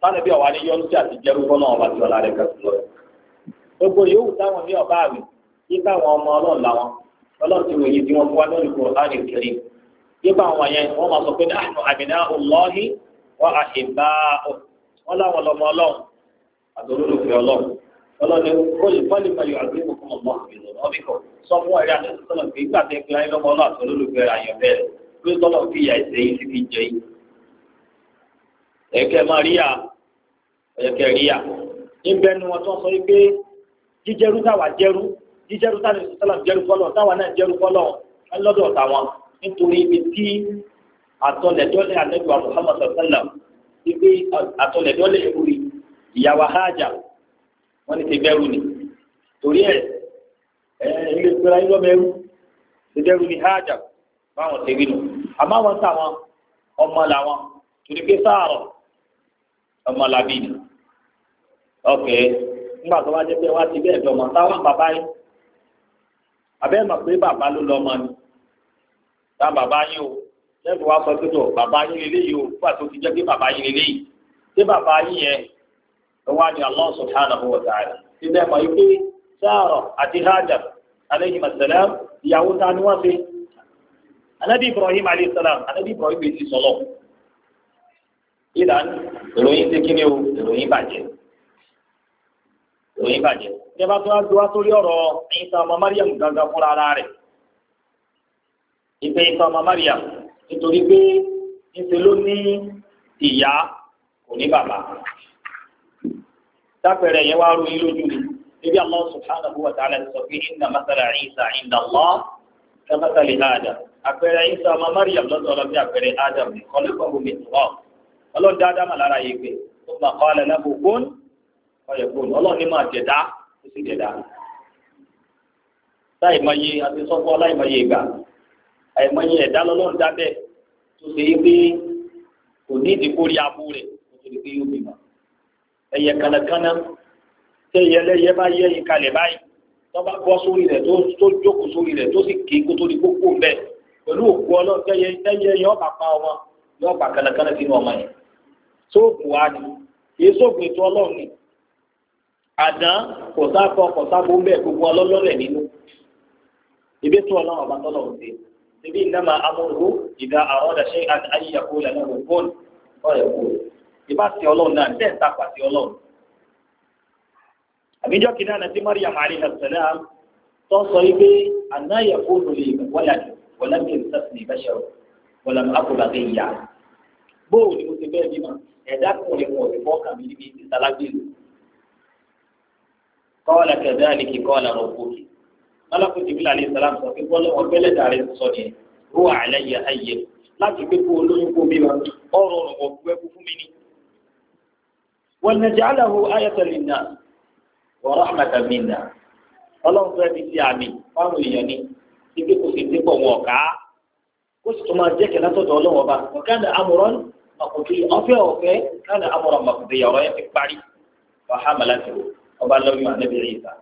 sáré bí ọ̀wá ní yọ́nú sí àti jẹ́rú ọlọ́wọ́n bá ti ọ̀la rẹ̀ kẹ́sì lọ. gbogbo yòówù táwọn ní ọba àwìn yíká àwọn ọmọ ọlọ́run làwọn ọlọ́run ti wòye tí wọ́n fún wa lórí kòránì kiri yíká àwọn yẹn wọ́n máa sọ pé nahnu abna'ullahi wa ahibba'uh wọ́n láwọn lọ́mọ ọlọ́run àtòlólùfẹ́ ọlọ́run ọlọ́ni kọ́lì kọ́lì máa yọ àgbẹ̀wò fún ọmọ àbẹ̀lẹ̀ ọ̀bíkọ̀ sọ fún ẹ̀rí àtẹ̀sí sọ́nà pé nígbà tẹ́ pé ayé lọ́mọ náà sọ́nà olùfẹ́ ayọ̀ bẹ́ẹ̀ ló sọ́nà fi ìyà ẹsẹ̀ yìí fi jẹ yìí. ẹ̀kẹ́ máa ríyà ẹ̀kẹ́ ríyà níbẹ̀ ni wọ́n tún sọ pé jíjẹrú táwa jẹrú jíjẹrú táwa sọ́nà jẹrú fọlọ́ táwa náà jẹrú fọlọ́ lọ́dọ̀ táwọn nítorí ibi tí àtọ̀lẹ̀dọ́lẹ̀ wọ́n ní ti bẹ́rù ni torí ẹ̀ ẹ̀ ilé ìpẹ́ra yín lọ́mẹ́rú ti bẹ́rù ni hájà báwọn ti rí nu àmọ́ àwọn táwọn ọmọ làwọn torí pé sáàrọ̀ ọmọ làbí ni ọkẹ́ nígbà tó wá jẹ́ pé wá ti bẹ́ẹ̀ dọ̀mọ́ táwọn bàbá yín abẹ́ mọ̀ pé bàbá ló lọ́mọ ni táwọn bàbá yín o lẹ́nu wá sọ pé tó bàbá yín lélẹ́yìí o nígbà tó ti jẹ́ pé bàbá yín lélẹ́yìí ṣé bàbá yín yẹn ẹwà ni Allah subhanahu wa ta'ala ṣíṣe mọ̀ yìí pé sáàrọ̀ àti Hajar alayhi masalam ìyàwó ta ni wọ́n fi anabi Ibrahim alayhi salam anabi Ibrahim bèè ti sọlọ ìlànà ìròyìn ti kí ni o ìròyìn bàjẹ́ ìròyìn bàjẹ́ ṣé bá tó wá gbé wá sórí ọ̀rọ̀ Ìsá ọmọ Mariam gangan fúnra ara rẹ̀ ìpè ọmọ Mariam nítorí pé ńṣe ló ìyá kò ní bàbá sápẹ̀rẹ̀ yẹn wá ròyìn lójú ni ebi Allah subhanahu wa ta'ala sọ pé inna masala Isa inda Allah ka masali Adam àpẹẹrẹ Isa ọmọ Maryam lọ́dọ̀ ọlọ́bí àpẹẹrẹ Adam ní kọ́lẹ́kọ̀ọ́ mi tọ́ ọlọ́dún dáadáa mà lára yìí pé ó gbà kọ́ alẹ́ náà kò gbón ọ̀yẹ̀ gbón ọlọ́ọ̀ni máa jẹ̀dá ó sì jẹ̀dá láìmọye àti sọ́kọ́ láìmọye ìgbà àìmọye ẹ̀dá lọ́lọ́run dábẹ́ tó ṣe é pé kò ní ìdíkórí abú rẹ̀ kò tó ẹyẹ kànákànná tẹyẹ lẹyẹ bá yẹ yín kalẹ̀ báyìí tọ́ba bọ́ sórí rẹ̀ tó jókòó sórí rẹ̀ tó sì ké kó tó di gbogbo mbẹ́ pẹ̀lú òkú ọlọ́run tẹyẹ tẹyẹ yọ ọba pa ọmọ yọ ọba kànákànná sínú ọmọ yẹn sóògùn wa ni èyí sóògùn ètò ọlọ́run ni àdán kò sáfọ kò sáfọ gbogbo ọlọ́lọ́lẹ̀ nínú ibi tó ọlọ́run ọba tọ́lọ̀ ọ̀sẹ̀ ibi ìdámà amúrú ìdá àwọn ọ̀dà ṣe àyíyàkó lẹ́nu òkú ọ̀rẹ́ òkú ìbá ti ọlọ́run náà bẹ́ẹ̀ ń tapà sí ọlọ́run. àbíjọ́ kìíní àná tí Maryam alayhi salam tó sọ yìí pé àná yẹ kó lórí ìwọ́yàjò wọlé mi ń sẹ́sìn ní ìbẹ́sẹ̀rọ wọlé mi àkùrà lè yà. bóò ni mo ti bẹ́ẹ̀ bímọ ẹ̀dá kò lè mọ̀ ìbọn kà mí níbi ìsalágbèlú. kọ́ọ̀lá kẹ̀dẹ́ àlekì kọ́ọ̀lá rọ̀ bókì. malakú Jibril alayhi salam sọ pé bọ́lá ونجعله آية للناس ورحمة منا ọlọ́run fẹ́ẹ́ fi ṣe àmì fáwọn èèyàn ni ibi kò sì dín pọ̀ wọn ká ó sì tún máa jẹ́ kẹ́ látọ̀dọ̀ ọlọ́run ọba wọn ká ní amúrán àkùtì ọ̀fẹ́ ọ̀fẹ́ ká ní amúrán àkùtì ọ̀rọ̀ yẹn ti parí wàhálà láti wò ọba lọ́yún àlẹ́bẹ̀rẹ̀ ìta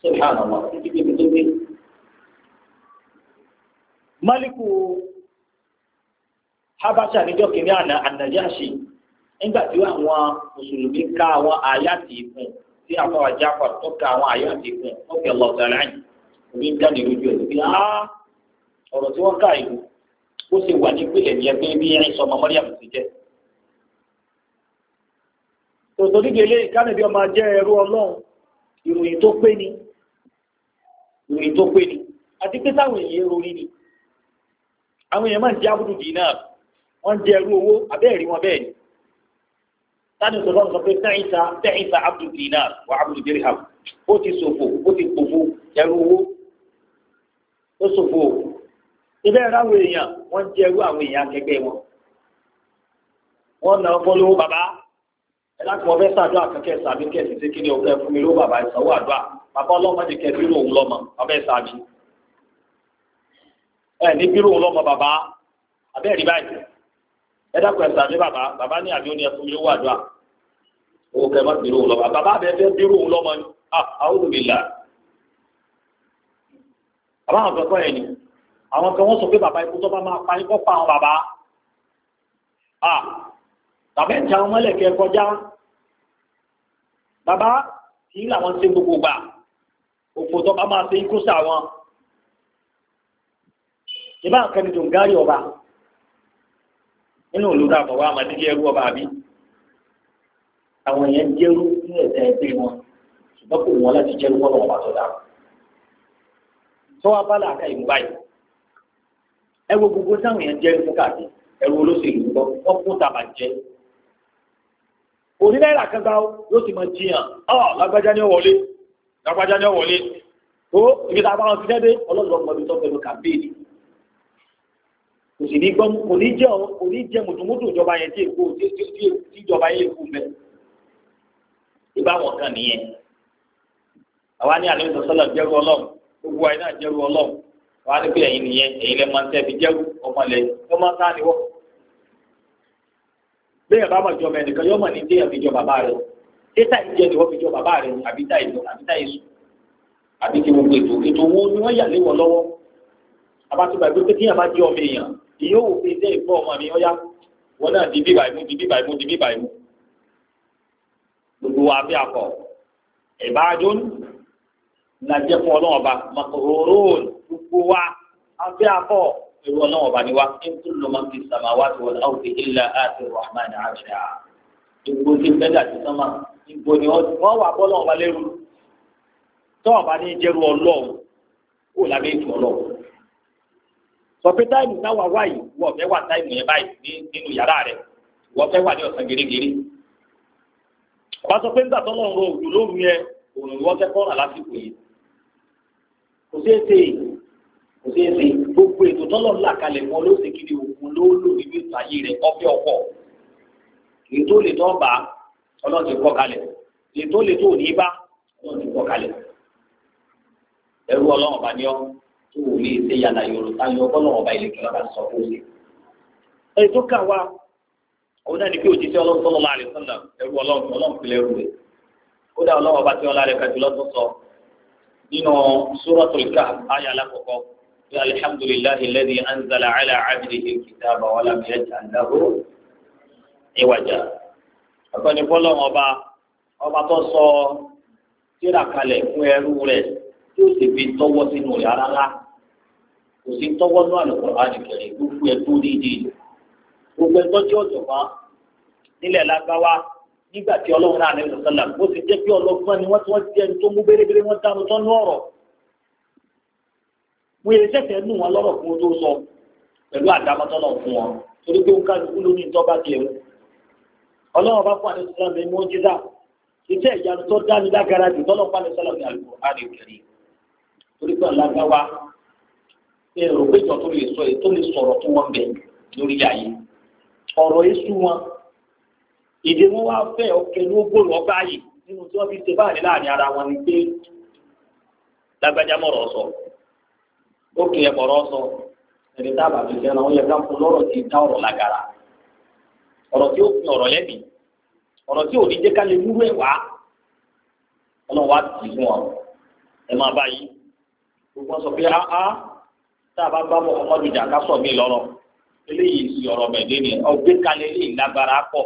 sọ̀rọ̀ àwọn títí débi tó dé. málíkù habasha níjọ́ kìnìún àná ànàjáṣe nígbà tí àwọn mùsùlùmí ká àwọn àyà tì í fún tí àfọwà jáfà tó ká àwọn àyà tì í fún wọn fi lọ sàrà yìí omi ń dáni lójú ẹ̀ bí a ọ̀rọ̀ tí wọ́n ká ìlú ó ṣe wà nípìnlẹ̀ ní ẹgbẹ́ bí irin sọmọ mọ́ríàmù ti jẹ́ tòtòdíje ilé ìkánibí ọmọ jẹ́ ẹrú ọlọ́run ìròyìn tó pé ni ìròyìn tó pé ni àti pé táwọn èèyàn rori ni àwọn èèyàn máa ń jẹ́ abudu dì náà wọ́n ń jẹ́ ẹrú owó abẹ́ẹ̀rí wọn bẹ́ẹ̀ ni tani sọ fún sọ pé tẹ́yìntà tẹ́yìntà abdul dinar wà abdul dirham ó ti ṣòfò ó ti kòfò ẹrú owó ó ṣòfò ibẹ̀ ráwọ̀ èèyàn wọ́n jẹ́ ẹrú àwọn èèyàn akẹgbẹ́ wọn wọ́n nà ọ́ fọ́lówó bàbá ẹ láti wọ́n fẹ́ sàdúrà kẹ́kẹ́ sàbí kẹ́sì sí kí ni ọ̀fẹ́ fún mi ló bàbá ìsanwó àdúrà bàbá ọlọ́mọdé kẹ́sì rò ń lọ́mọ ọbẹ̀ sàbí ẹ ní bí rò ń lọ́mọ bàbá abẹ́rẹ́ báyìí ẹ dákun ẹ̀ sàbí bàbá bàbá ní àbí ó ní ẹ fún mi lówó àdúrà owó kẹ má bírò òun lọ́mọ bàbá bẹ fẹ́ bírò òun lọ́mọ ni àwọn ah, olùbìlà bàbá àwọn kankan yẹn ni àwọn kan wọ́n sọ pé bàbá ikú tó bá máa pa ikú pa àwọn bàbá tàbí ah, ìjà àwọn mọ́lẹ̀kẹ́ kọjá bàbá kì í làwọn ṣe gbogbo gbà òfò tó máa ṣe ikú sí àwọn ìbá nǹkan ni ọba nínú olùdó àbọ̀wá àmàdíjẹ́ ẹrú ọba àbí àwọn yẹn jẹ́rú ní ẹ̀sẹ̀ ẹgbẹ́ wọn ṣùgbọ́n kò wọ́n láti jẹ́rú wọn lọ́wọ́ àtọ́dá. sọ́wọ́ abala àká ìlú báyìí ẹ wo gbogbo táwọn yẹn jẹ́rú fún káàdì ẹ̀rù olóṣèlú gbọ́ wọ́n kún tàbà jẹ́. òní náírà kan gbá yóò ti máa jiyàn ọ lágbájá ni ó wọlé lágbájá ni ó wọlé ó ibi tá a bá wọn ti dẹ́dẹ́ ọlọ́dún ọmọdé tó fẹ́ lọ kàbéèrè kò sì ní gbọ́n kò ní ìbáwọn kan nìyẹn àwa ní àlẹ́ ìsọ̀sọ́lá jẹ́rú ọlọ́run gbogbo àyè náà jẹ́rú ọlọ́run wàá ní pé ẹ̀yin nìyẹn ẹ̀yin lẹ́ máa ń tẹ́bi jẹ́rú ọmọ lẹ̀ ọmọ sáà ni wọ́n. bẹ́ẹ̀ bá mọ̀jọ mẹ́rin kan yọ́mọ̀ ní déyàn fi jọ bàbá rẹ̀ ṣé táyì jẹ́ ni wọ́n fi jọ bàbá rẹ̀ àbí táyì lọ àbí táyì sùn àbí kí gbogbo ètò ètò owó ni wọ́n yà léwọ̀ lọ́wọ́ abatugba gbé pé tíyàn bá ọmọ èèyàn ìyóò fi dé ìfọ́ ọmọ mi ọ̀yá wọn náà di bíbáyìí mú di bíbáyìí mú di bíbáyìí mú wà bí akọ ìbáàdún nàjẹ fún ọlọ́wọ́n ọba mọ̀kòrón gbogbo wa àbí akọ irú ọlọ́wọ́n ọba ni wa ń kú ló máa ń fi sàmà wá sí wọn àwọn ìlà àti rahman àṣà ìgbò tí bẹ́ẹ̀ àti sọ́mà ìgbò ni wọ́n wà bọ́ lọ́wọ́n ọba lérú tọ́wọ́n ọba ní jẹ́rú ọlọ́wọ́ kó lábẹ́ ìtù ọlọ́wọ́ sọ pé táìmù táwa wáyìí wọ́n fẹ́ wà táìmù yẹn báyìí nínú yàrá rẹ̀ wọ́n fẹ́ wà ní ọ̀sán gírígírí wọ́n sọ pé nígbà tó lọ́run ro òjò lóru yẹn òun ìwọ́ kẹ́kọ̀ọ́ rà lásìkò yìí kò sí èsè kò sí èsè gbogbo ètò tọ́lọ́run là kalẹ̀ wọn ló ṣe kiri òkun ló lò níbi ìtàyè rẹ̀ ọ̀fẹ́ ọkọ̀ ètò lè tọ́ bá ọlọ́run ti kọ́ kalẹ̀ ètò lè tó ní bá ọlọ́run ti kọ́ kalẹ̀ ẹrú ọlọ́run bá ní ọ tó wò lè ṣe yàrá yorùbá yọ ọlọ́run bá ilé kí òun náà ní kí òjíṣẹ́ ọlọ́run sọ́nà máa lè sọ́nà ẹrú ọlọ́run ọlọ́run fi lẹ́rú rẹ̀ kódà ọlọ́run ọba tí wọn lára ẹ̀ka jùlọ tó sọ nínú suratul Kahf ayé alákọ̀ọ́kọ́ bí alhamdulillahi alladhi anzala ala abdihi alkitaba wa lam yaj'al lahu iwaja ọ̀tọ̀ni fọlọ́run ọba ọba tó sọ tírà kalẹ̀ fún ẹrú rẹ̀ tí ó sì fi tọwọ́ sínú rẹ̀ rárá kò sí tọwọ́ náà gbogbo ẹgbọ́n tí ọ̀jọ̀gbọ́n nílẹ̀ lágbáwá nígbà tí ọlọ́run náà nínú sọ́là bó ti jẹ́ pé ọlọ́gbọ́n ni wọ́n ti wọ́n jẹ́ ẹni tó mú bérebére wọ́n dánu tán ní ọ̀rọ̀ mo yẹ sẹ́sẹ̀ nù wọn lọ́rọ̀ fún tó sọ pẹ̀lú àdámọ́tọ́ náà fún wọn torí pé ó ń kálukú lóní ìtọ́ bá tiẹ̀ mú ọlọ́run bá fún àdéhùn sọ́là mi mú jíjà iṣẹ́ ìyanu tó dáni lágara jù tọ́lọ́ fún àdéhùn sọ́là mi àlùkò àdéhùn torí pé ọ̀làgbáwá èrò péjọ tó lè sọ̀rọ̀ tó wọ́n bẹ̀ lórí ayé ọ̀rọ̀ èṣù wọn ìdè wọn wá fẹ́ ọkẹ ló gbòòrò ọgbà yìí nínú tí wọ́n fi ṣe báyìí láàrin ara wọn ni pé lágbájá mọ̀rọ̀ sọ ó kì í mọ̀rọ̀ sọ ẹni tá a bàbá ìfẹ́ náà ó yẹ ká fún lọ́rọ̀ tí dá ọ̀rọ̀ lágara ọ̀rọ̀ tí ó fi ọ̀rọ̀ lẹ́bi ọ̀rọ̀ tí ò ní jẹ́ ká lè múrú ẹ̀ wá ọlọ́run wá tì fún ọ ẹ máa bá yí gbogbo sọ pé tá a bá bá Muhammadu jà ká sọ oríṣiríṣi ọ̀rọ̀ mẹ́lẹ́ ni ọgbẹ́ kalẹ̀ lè lágbára pọ̀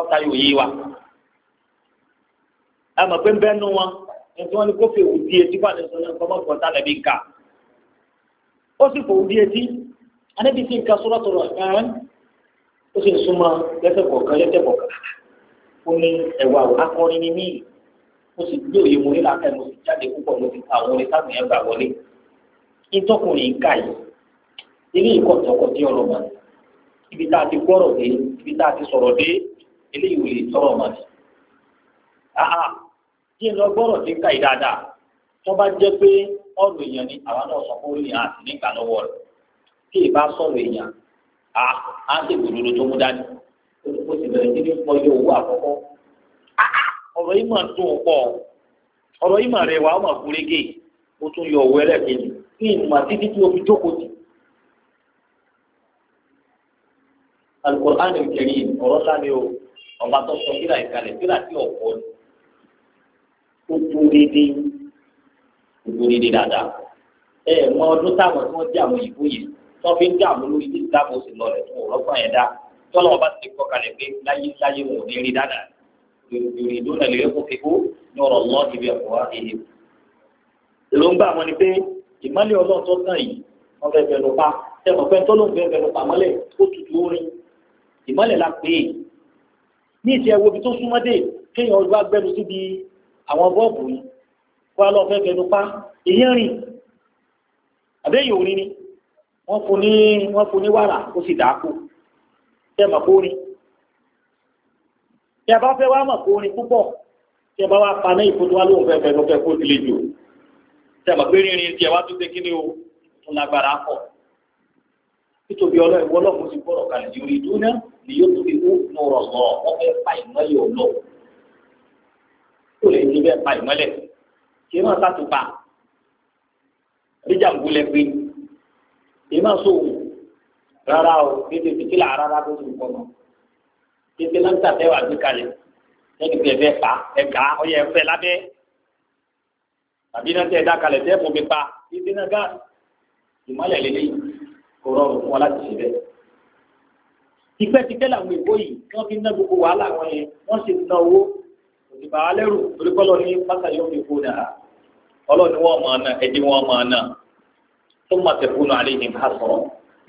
ọ̀tá yóò yé wa. ẹ mọ̀ pé bẹ́ẹ̀ nu wọn ẹ̀sùn wọn ni kó fèwù di etí wà lẹ́sùn ó sì fòwù di etí anábì sí nǹkan sọ́rọ́ sọ̀rọ̀ ẹ̀hán ó sì súnmọ́ lẹ́sẹ̀ kọ̀ọ̀kan lẹ́sẹ̀ kọ̀ọ̀kan ó ní ẹ̀wà akọrin ni mí mo sì gbé òye mo ní làákàyè mo sì jáde púpọ̀ mo sì ta àwọn orin táwọn yẹn gbà wọlé ìtọ́kùnrin ká yìí eléyìí kọ̀tọ̀kọ̀ tí ọ̀rọ̀ ibi tá a ti gbọ́rọ̀ dé ibi tá a ti sọ̀rọ̀ dé eléyìí ò lè tọrọ mà ní. àhà kí n lọ gbọ́rọ̀ dé káyì dáadáa tó bá jẹ́ pé ọ̀rọ̀ èèyàn ni àwa náà sọ fún orí àti nígbà lọ́wọ́ rẹ̀ tí ì sọ̀rọ̀ èèyàn to á ń Otu tó mú dání ó sì bẹ̀rẹ̀ sí ní pọ̀ yóò owó àkọ́kọ́ ọ̀rọ̀ yìí mà dùn pọ̀ ọ̀rọ̀ yìí rẹwà jókòó alukur'an kẹrin ọ̀rọ̀ ńlá ni o ọba tó sọ kíra ìkàlẹ̀ kíra tí ọ̀pọ̀ ni ó tó dédé ó tó dédé dáadáa ẹ mọ ọdún táwọn tí wọ́n jẹ́ àwọn ìbò yẹn tó fi ń dá àwọn olórí tí ìdáàbò sì lọ rẹ̀ fún ọlọ́gbọ́n yẹn dá tọ́lọ́ ọba ti kọ́ kalẹ̀ pé láyé láyé wọn ò ní rí dáadáa ìrìndó náà lè kó fipó ní ọ̀rọ̀ lọ́ ibi ẹ̀kọ́ àhìhì. èròǹgbà ni pé ìmọ̀lẹ̀ ọlọ́run tó tàn yìí wọ́n fẹ́ fẹ́ lọ pa tẹ̀wọ̀n fẹ́ tọ́lọ́ fẹ́ fẹ́ lọ pa ìmọ́lẹ̀ la pè é ní ìṣe ẹ̀wọ́ ibi tó súnmọ́ dé kéèyàn ọdún agbẹ́nu síbi àwọn bọ́ọ̀bù yìí kó a lọ fẹ́ fẹnu pa èyí rìn àbẹ́yẹ̀ òrin ni wọ́n fún ní wọ́n fún ní wàrà ó sì dàákù tẹ́ ẹ̀ mọ̀ kó rin tẹ́ ẹ bá fẹ́ wá mọ̀ kó rin púpọ̀ tẹ́ ẹ bá wá pa náà ìfojú wa lóhùn fẹ́ẹ́ fẹ́ẹ́ fẹ́ẹ́ kó ti jù tẹ́ ẹ pé rírin tí ẹ wá tún ṣe kí ni o tún lágbára pọ̀ nítorí ọlọ́ọ̀wọ́ ọlọ́ọ̀mù yóò tún fi wú lọ́rọ̀ lọ wọ́n fẹ́ pa ìmọ́lẹ̀ òun lọ. kó lè ní bẹ́ẹ̀ pa ìmọ́lẹ̀ kí ẹ máa sàtúpa ríjà ń gúnlẹ̀ pé kí ẹ máa o kí ẹ ti kílà rárá tó ti kọ́ mọ́ kí ẹ ti lọ́ńtà tẹ́ wà gbé kalẹ̀ ẹni pé ẹ fẹ́ pa ẹ̀ka ọyẹ ẹ̀fẹ́ lábẹ́ tàbí náà tẹ́ ẹ dá kalẹ̀ tẹ́ ẹ fò mi pa kí ẹ ti náà gá ìmọ́lẹ̀ lélẹ́yìn kò rọrùn tipẹ́tipẹ́ làwọn èkó yìí tí wọ́n fi ná gbogbo wàhálà wọn yẹn wọ́n sì ná owó òdìbò àwọn lẹ́rù torípọ́lọ́ ní pásálì òfin kó dára ọlọ́ọ̀ni wọ́n máa ná ẹdín wọ́n máa ná tó máa tẹ̀fóònù alẹ́ yìí ká sọ̀rọ̀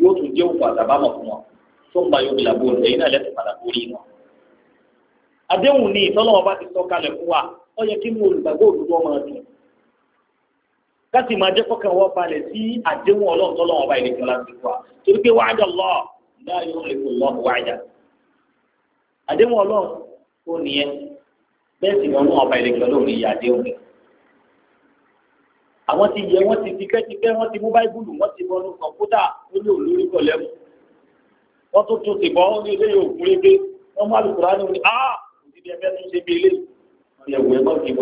yóò tún jẹ́ òkú àtàbámọ̀ fún wọn tó máa yóò gbìlà bóòlù ẹ̀yin náà lẹ́sìn padà bórí wọn. àdéhùn ni ìtọ́lọ́wọ́ bá ti sọ kalẹ̀ fún wa ó yẹ kí mo olùgbàgbọ́ láàyè ó lè fún lọ wáyà àdéhùn ọlọ́run ó nìyẹn bẹ́ẹ̀ sì wọn mú ọba ìlẹ̀kẹ̀ lórí ìyá àdéhùn rẹ̀ àwọn ti yẹ wọn ti tipẹ́tipẹ́ wọn ti mú báíbùlù wọn ti bọnú kọ̀ǹpútà ó ní olórí kọ̀ lẹ́mú wọn tó tún ti bọ́ ó ní eléyìí òkú régé wọn mú alùpùpù ní orí áà òdìdí ẹgbẹ́ tó ń ṣe bí ilé ìyẹ̀wò ẹgbẹ́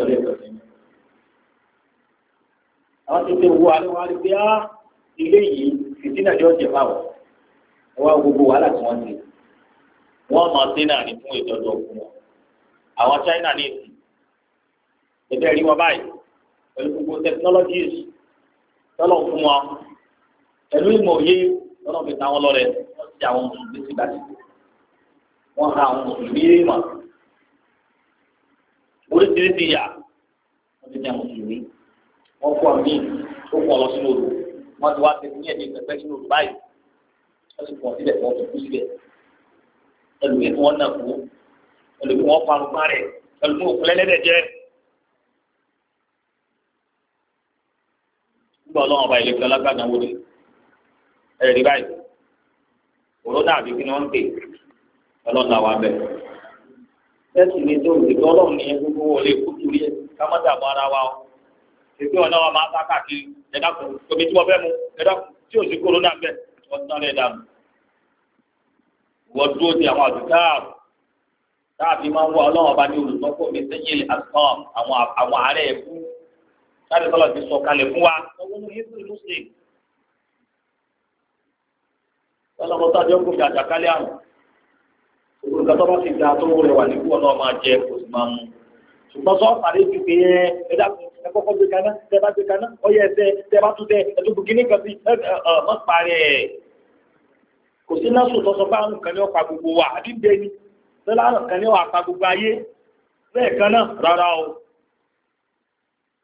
òkè ti ti wo ẹ wá gbogbo wàhálà tí wọ́n ti wọ́n máa ṣe náà ní fún ìtọ́jú ọkùn wọn àwọn China ní ìsìn ẹgbẹ́ rí wọn báyìí pẹ̀lú gbogbo technologies tọ́lọ̀ fún wọn pẹ̀lú ìmọ̀ òye tọ́lọ̀ fi ta wọn lọ́rẹ̀ wọ́n ti àwọn mùsùlùmí sí gbàdí wọ́n ha àwọn mùsùlùmí rí mọ̀ oríṣiríṣi ìyà wọ́n ti di àwọn mùsùlùmí wọ́n kọ́ mí ó kọ́ lọ sínú odò wọ́n ti wá ti ní ẹ̀dín pẹ̀pẹ́ sínú odò báyìí wọ́n sì fún ọ síbẹ̀ wọ́n tún kú síbẹ̀ ẹlòmíì fún wọn náà kú ẹlòmíì wọn parun má rẹ̀ ẹlòmíì òkú lẹ́lẹ́dẹ̀ jẹ́ nígbà ọlọ́run ọba ìlẹ̀kẹ́ ọlágbàdàn wọlé ẹ̀rí báyìí òrónà àbí kí ni wọ́n ń pè ọlọ́run làwọn abẹ́ tẹ́sí ní tó ìgbé ọlọ́run ní gbogbo wọlé kú torí ẹ̀ ká má dàbọ̀ ara wa o ìgbé ọ̀nà wa máa ń sá káàkiri ẹ̀dá kò tóbi tí wọ́n fẹ́ mu ẹ̀dá tí ò sí kòrónà bẹ́ẹ̀ wọ́n tán rẹ̀ dànù wọ́n dúró di àwọn àdúgbò káàbí máa ń wá ọlọ́run ọba ní olùtọ́kọ̀ mi sẹ́yìn àtàn àwọn àwọn ààrẹ ẹ̀kú sáré sọ́lá ti sọ kalẹ̀ fún wa ọwọ́ ní hebrew muslim ọlọ́run tó àjọkùn fi àjàkálẹ̀ àrùn olùkọ́ tó bá ti da tó rẹwà nígbà náà máa jẹ kò sì máa mú ṣùgbọ́n ẹ kọ́kọ́ gbé kaná tẹ bá gbé kaná ọyẹ ẹsẹ tẹ bá tún tẹ ẹtú bu kíní kan sí ẹ ẹ mọ parẹ kò sí náà sùn tọ́sọ fún àrùn kan ní ọ̀pá gbogbo wa àbí bẹ́ẹ̀ ni tọ́lá àrùn kan ní ọ̀pá gbogbo ayé bẹ́ẹ̀ kan náà rárá o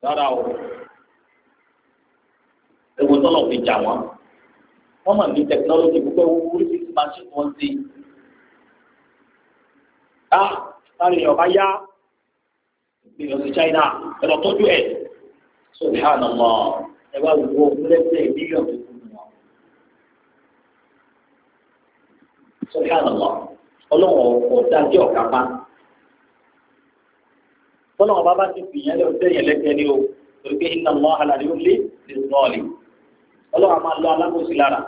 rárá o ewu tọ́lọ̀ fi jà wọ́n wọ́n mọ̀ ní tẹkinọ́lọ́jì púpọ̀ owó oríṣiríṣi máa ṣe wọ́n sí i. táà táà lè yá ìlọ sí China ẹ̀rọ tọ́jú ẹ̀ so ìhà nàmọ́ ẹ wá wo ogúnlẹ́sẹ̀ mílíọ̀nù tó kù wọn. so ìhà nàmọ́ ọlọ́wọ́n ọ̀dà tí ọ̀gá pa bọ́lọ́wọ́n bá bá ti fìyàn lé ọ̀sẹ̀ yẹn lẹ́sẹ̀ ni o torí pé iná mọ́ alàdé ó lé lè sọ́ọ̀lì ọlọ́wọ́n máa lọ alákòóso lára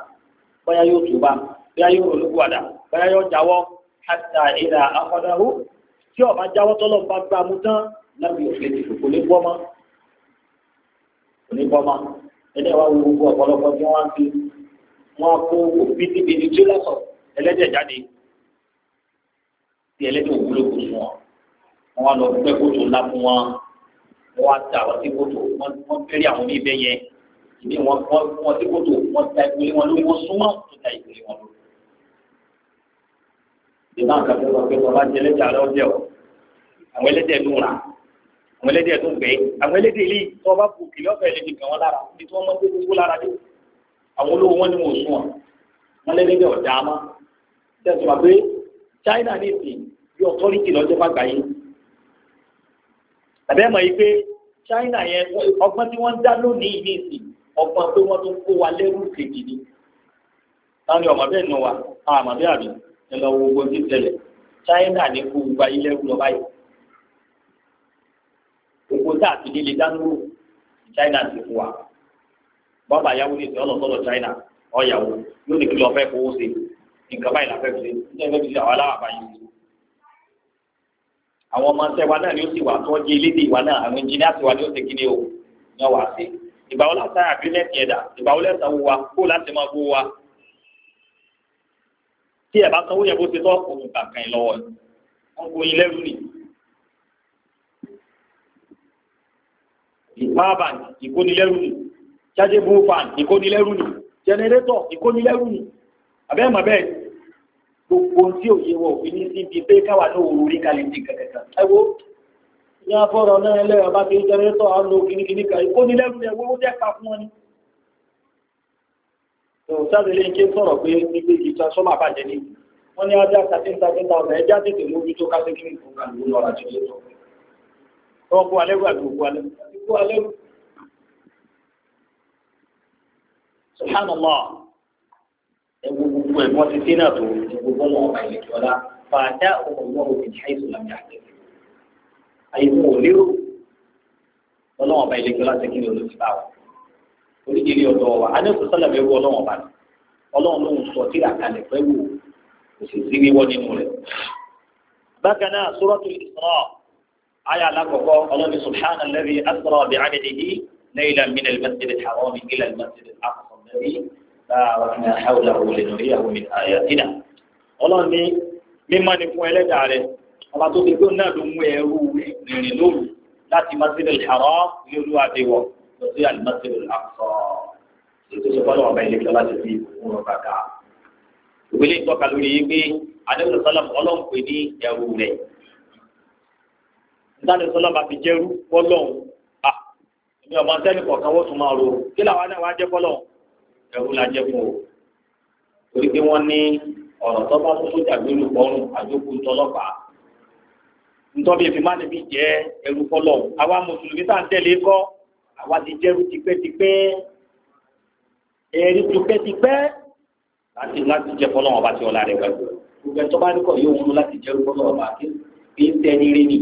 bóyá yóò túbà bóyá yóò olúkúwàdà bóyá yóò jáwọ́ hàtà ìlà akọ́dáhù tí ọba jáwọ́ tọ́lọ́ bá gbà tán lábì òfin ti kò ní bọ́ mọ́ kò ní bọ́ mọ́ ẹni àwọn gbogbo ọ̀pọ̀lọpọ̀ tí wọ́n á fi wọ́n á kó bíbí tí ó lọ́sọ̀ ẹlẹ́dẹ̀ jáde tí ẹlẹ́dẹ̀ òwúlò kò sùn wọn wọ́n á lọ gbẹ́ kótó ńlá fún wọn wọ́n á ta àwọn sí kótó wọ́n fẹ́rẹ̀ àwọn ní ibẹ̀ yẹn ìdí wọn wọ́n sí kótó wọ́n ta ìpele wọn lórí wọ́n súnmọ́ tó ta ìpele wọn lórí. ìdí náà kàfẹ́ àwọn ẹlẹ́dẹ̀ tó gbẹ àwọn ẹlẹ́dẹ̀ ilé tí wọ́n bá bu òkèlè ọ̀fẹ́ lè fi kàn wọ́n lára ní tí wọ́n máa ń gbé gbogbo lára dé àwọn olówó wọn ni wọn ò sún wọn wọn lẹ́lẹ́dẹ̀ ọ̀dà mọ́ tẹ̀sán àgbé China ní ìsìn bí ọ̀tọ́rìtì lọ́jọ́ bá gbàyé àbẹ́ mọ̀ yìí pé China yẹn ọgbọ́n tí wọ́n dá lónìí ní ìsìn ọgbọ́n pé wọ́n tún kó wa lẹ́rú kejì ni láàrin ọmọ bẹ́ẹ̀ nù wa àmọ́ bẹ́ẹ̀ àbí ẹ̀ lọ wo gbogbo ti tẹ̀lẹ̀ China ní kó gba ilé ẹrú lọ tá a ti lè dánwó China ti fún wa bàbá yàwó lè sọ ọlọsọdọ China ọyàwó yóò ní kí lọ fẹ fowó ṣe nǹkan báyìí la fẹ fi ṣe níta ìfẹ fi ṣe àwọn aláwàbá yìí ṣe àwọn ọmọ ṣẹ wa náà ni ó sì wà tó ń elédè wa náà àwọn ẹnjìnìá sì wà ní òsè kíni o ní ọwà ṣe ìgbà wọlé àti àgbélẹ̀tì ẹ̀dà ìgbà wọlé ẹ̀sánwó wa kó láti máa gbó wa tí ẹ̀ bá sanwó yẹ bó ṣe tọ́ òun kàkàn ẹ̀ lọ́wọ́ ẹ̀ wọ́n nìyí. ìpáàbà ìkónilẹ́rù ni ṣájébù fan ìkónilẹ́rù ni jẹnẹrétọ̀ ìkónilẹ́rù ni àbẹ́mọ̀ bẹ́ẹ̀ gbogbo tí ò yé wọ òfin ní síbi pé káwà ní òru orí kalẹ̀ ti kẹ̀kẹ̀kẹ̀ ẹ wo ní afọ́rọ̀ náà ẹlẹ́rọ bá fi jẹnẹrétọ̀ á ni ẹ̀wọ́ ó jẹ́ pa fún ni. sábẹ́ ilé ike sọ̀rọ̀ pé nígbè ìta sọ́mà bàjẹ́ ni wọ́n ní ajá thirteen thirteen thousand ẹja tètè mójútó kásìkìnnì kan kó alẹ́ rú. subhanallah ẹ wo gbogbo ẹ̀ wọ́n ti dé náà tó gbogbo bọ́lá wọn kàlẹ́ jọlá fàdá ọmọ wọn òbí ní àìsàn làmì àgbẹ̀. àyẹ̀wò ò lérò bọ́lá wọn bá ilé jọlá ti kí ni olóòtú bá wà. oríṣiríṣi ọ̀dọ́ wa a ní oṣù sọ́lá mi wọ ọlọ́wọ́n bá ní ọlọ́wọ́n ló ń sọ tíra kalẹ̀ pẹ́ wò kò sì sí wíwọ́ nínú rẹ̀. bákan náà aya alakoko ọlọ́ni subhana alladhi asra bi'abdihi laylan min al-masjid al-haram ila al-masjid al-aqsa alladhi barakna hawlahu linuriyahu min ayatina ọlọ́ni mímọ́ ni fún ẹlẹ́dàá rẹ̀ ọba tó ti gbé náà ló mú ẹrú rìnrìn lóru láti masjid al-haram àdéwọ̀ lọ sí al-masjid al-aqsa lórí yìí pé adébùsọ̀lọ́m ọlọ́run pè ní ẹrú rẹ̀ dáná sọlá bá fi jẹrú fọlọ́hún à èmi ọmọ sẹ́ni kọ̀ọ̀kan wọ́n tún máa ro kí làwọn náà wá jẹ́ fọlọ́hún ẹ̀rú la jẹ́ fún o torí pé wọ́n ní ọ̀rọ̀ tó bá tó sójà gbé lu bọ́ọ̀rùn àjókù ntọ́lọ́pàá ntọ́bi èmi má níbi jẹ́ ẹrú fọlọ́hún àwa mùsùlùmí tá à ń tẹ̀lé kọ́ àwa ti jẹ́rú tipẹ́tipẹ́ ẹ̀rí tipẹ́tipẹ́ láti láti jẹ́ fọlọ́hún ọba tí ọlá rẹ̀ wẹ̀ gbogbo ẹ̀ tó bá ní kọ̀ yóò wúlò láti jẹ́rú fọlọ́hún ọba kí ń tẹ́ ní rí ni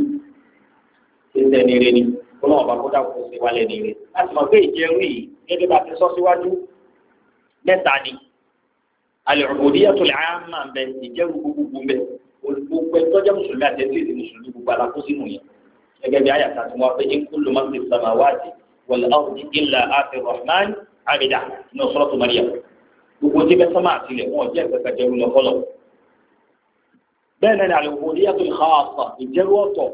ṣíṣe nire ni kọ́nà ọba kó dàgbò ṣe wálẹ̀ nire láti mọ̀ pé ìjẹun yìí gẹ́gẹ́ bá ti sọ síwájú mẹ́ta ni al-ubudiyyatul 'amma ń bẹ ìjẹun gbogbogbò ń bẹ olùgbogbo ẹtọ́ jẹ́ mùsùlùmí àti ẹtí ìdí mùsùlùmí gbogbo alákó sínú yẹn gẹ́gẹ́ bí àyà kan tí wọ́n fẹ́ in kullu man fis samawati wal ardi illa ati rahman abida ní suratu Maryam gbogbo tí bẹ́ sọ́mà àtìlẹ̀ wọn jẹ́ ìpẹ́kẹ́ jẹ́rú lọ́kọ́lọ́ bẹ́ẹ̀ náà ni al-ubudiyyatul khassa ìjẹ́rú ọ̀tọ̀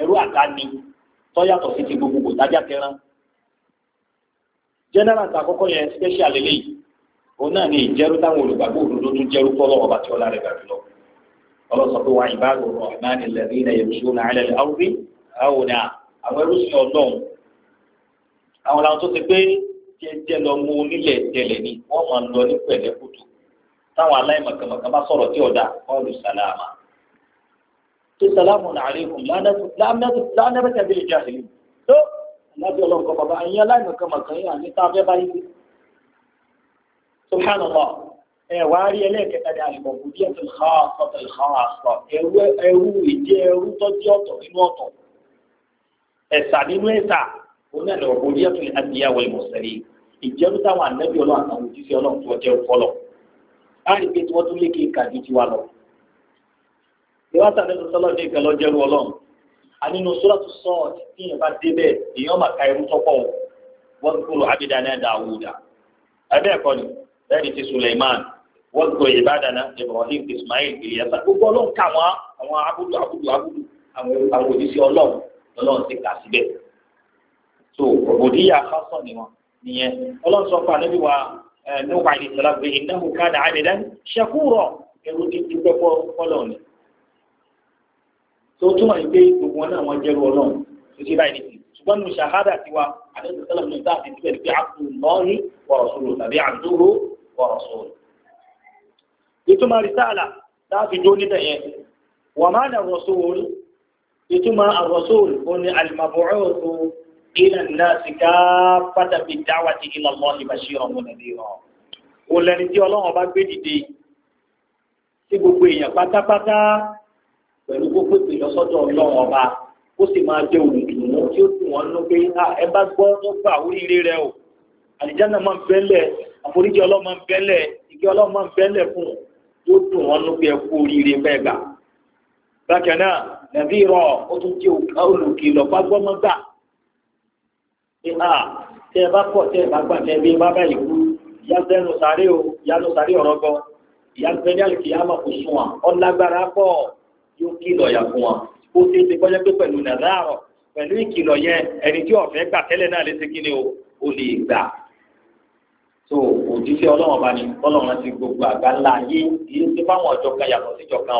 ẹrú àdáni tọ́yàtọ̀ sí ti gbogbogbò tájà kẹran general àkọ́kọ́ yẹn special eléyìí òun náà ni ìjẹ́rú táwọn olùgbàgbọ́ òdodo tún jẹ́rú fọlọ́wọ́ bá ti ọlá rẹ̀ gbàgbé lọ ọlọ́sọ pé wàá ìbáàgò rahman ilẹ̀rí ilẹ̀ yorùsù náà ilẹ̀ àwùrí àwọn náà àwọn ẹrú sí ọlọ́run àwọn làwọn tó ti pé jẹjẹ lọ mú onílẹ̀ tẹ̀lẹ̀ ni wọ́n máa ń lọ ní pẹ̀lẹ́kùtù táwọn aláìmọ̀kànmọ̀kàn bá sọ̀rọ̀ tí ọ̀dà kọ́ọ̀lù sàlámà pé sàlámù alaykum lánàbẹ̀tẹ̀ bí ìjà ìlú tó lábí ọlọ́nkọ bàbá ẹ̀yìn aláìmọ̀kan mọ̀kan yìí àní tá a fẹ́ bá yìí subhanallah ẹ̀ wá rí ẹlẹ́ẹ̀kẹta ní àlùmọ̀kù díẹ̀ tó xa ọ̀tọ̀ ìxa àṣọ ẹrú ìdí ẹrú tọ́jú ọ̀tọ̀ nínú ọ̀tọ̀ ẹ̀sà nínú ẹ̀sà òun náà lọ́wọ́ díẹ̀ tó adìyàwó ìmọ̀sẹ̀rí ìjẹ́rú táwọn ìwádà nínú sọ́lá ní ìkẹ́ lọ́jẹ́rú ọlọ́run ànínú sọ́lá tó sọ ọ́ tí ìyẹn bá dé bẹ́ẹ̀ èèyàn máa ka irú tọ́pọ̀ wọ́n kúrò abidana dàwúdà ẹ̀bẹ́ ẹ̀kọ́ ni bẹ́ẹ̀ ti Suleiman wọ́n kúrò ìbádàna Ibrahim Ismail ìyẹsà gbogbo ọlọ́run kà wọ́n àwọn abudu abudu abudu àwọn òdìsí ọlọ́run lọ́lọ́run ti kà síbẹ̀ so òbòdìyà fásọ̀ ni nìyẹn ọlọ́run sọ tó túmọ̀ ní pé gbogbo wọn náà wọ́n jẹ́rú ọlọ́run tó ṣe báyìí nìyí ṣùgbọ́n nínú ṣàhádà tiwa àdéhùn sẹ́lẹ̀ ní ìta àti ìtúbẹ̀ ní pé abdullahi wa rasuluhu tàbí abduhu wa rasuluhu. ìtumọ̀ rìsáàlà láti jó níta yẹn wà má nà rasul ìtumọ̀ ar ó ní al-mab'uth ila an pẹ̀lú gbogbo ìlọsọ́dọ̀ ọlọ́run ọba ó sì máa jẹ́ olùdùnnú tí ó sì wọ́n nú pé ẹ bá gbọ́ tó gbà oríire rẹ o àlìjáná máa ń bẹ́lẹ̀ àforíjì ọlọ́run bẹ́lẹ̀ ìgbé ọlọ́run máa ń bẹ́lẹ̀ fún un yóò dùn wọ́n nú pé ẹ kú oríire bẹ́ẹ̀ gbà. bákan náà nàbí rọ ó tún jẹ́ olùkìlọ̀ fagbọ́mọ́gbà pé a tẹ ẹ bá pọ̀ tẹ ẹ bá gbà tẹ bí bá báyìí kú ìyá sẹ́nu sáré o ìyá ló sáré ọ̀rọ̀ gan ìyá sẹ́ni àlùkìyà máa yóò kìlọ̀ yà fún wọn ó ṣe é ṣe kọjá pé pẹ̀lú nàzáàrọ̀ pẹ̀lú ìkìlọ̀ yẹn ẹni tí ọ̀fẹ́ gbà tẹ́lẹ̀ náà lè ṣe kí ni o ó lè gbà so òjíṣẹ́ ọlọ́run ọba ni ọlọ́run ti gbogbo àgbáńlá ayé yìí tó bá wọn ọjọ́ yàtọ̀ síjọ o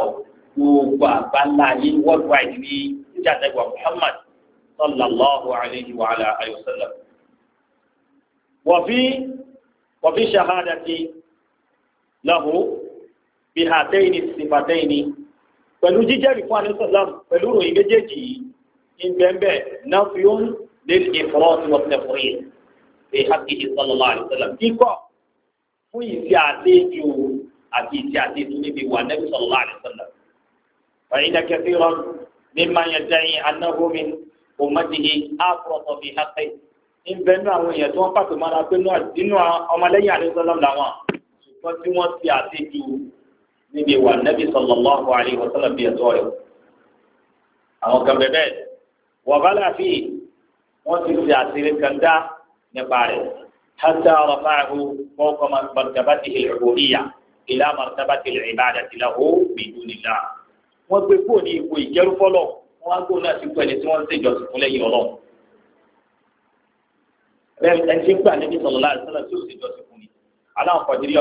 gbogbo àgbáńlá ayé world wide ní ìjàdẹ́gbà Muhammad sallallahu alayhi wa alayhi wa sallam. wọ̀fí wọ̀fí ṣahadati lahu bihatayni sifatayni pẹ̀lú jíjẹ́rìí fún anisọ́lám pẹ̀lú ròyìn méjèèjì yìí ìgbẹ́ńbẹ́ náà fi ó ń lé ní ìfọwọ́ tí wọ́n fẹ́ fún yìí ṣe hákìkì sọlọ́lá àdìsọ́lá kíkọ́ fún ìṣe àlejò àti ìṣe àlejò níbi wà nẹ́bí sọlọ́lá àdìsọ́lá. فإن كثيرا مما يدعي أنه من أمته أفرط في حقه ń bẹ nínú àwọn èèyàn tí wọ́n níbi ìwà nẹ́bí sallallahu alaihi wa sallam bí ẹ̀tọ́ rẹ̀ àwọn kan bẹ̀bẹ̀ wọ́n bá láàfin wọ́n ti ṣe àṣírí kan dá nípa rẹ̀ hatta rafa'ahu fawqa martabatihi al-'ubudiyyah ila martabati al-'ibadati lahu bi dunillah wọ́n gbé kúrò ní ipò ìjẹ́rú fọ́lọ̀ wọ́n á gbó náà sí pẹ̀lú tí wọ́n ń ṣèjọsìn fún lẹ́yìn ọlọ́run bẹ́ẹ̀ ẹni tí ń gbà níbi sallallahu alaihi wa tí ó ṣèjọsìn fún ni aláǹfọ̀dìrí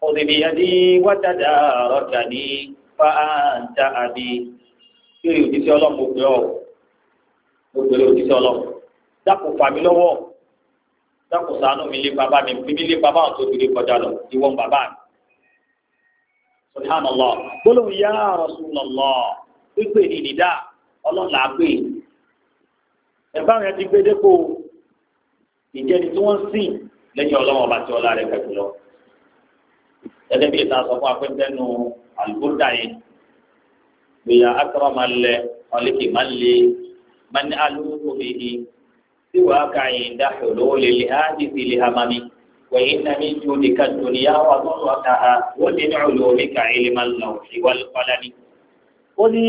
خذ بيدي وتداركني فأنت أبي kiri òjíṣẹ́ Ọlọ́run mo pè ọ́ mo pè òjíṣẹ́ Ọlọ́run dákun fà mí lọ́wọ́ dákun ṣàánú mi lé bàbá mi fi mí lé bàbá àwọn tó fi lé kọjá lọ ìwọ ń bàbá mi subhanallah gbólóhùn yá Rasulullah pípé ní ìdá Ọlọ́run là á pè ẹ̀fọ́ àwọn yẹn gbé dépò ìjẹni tí wọ́n sìn lẹ́yìn Ọlọ́run ọba tí ọlá rẹ̀ kẹ́kọ̀ọ́ gẹ́gẹ́ bí ìta sọ fún akpẹ́ntẹ́nu alùpùpù yìí gbèyà akọrọ máa lẹ ọlẹ́kì máa lé máa ní alùpùpù yìí tí wàá ka yìí dáhùn lówó lélẹ̀ á ti fi lè hama mi wẹ̀yìn náà mi ju ní ka dùnìyà wà lọ́rùn ọ̀tá ha wọ́n ti ní olùwọ́ mi ka ilé máa lọ ìwàlú kọ́lá ni. ó ní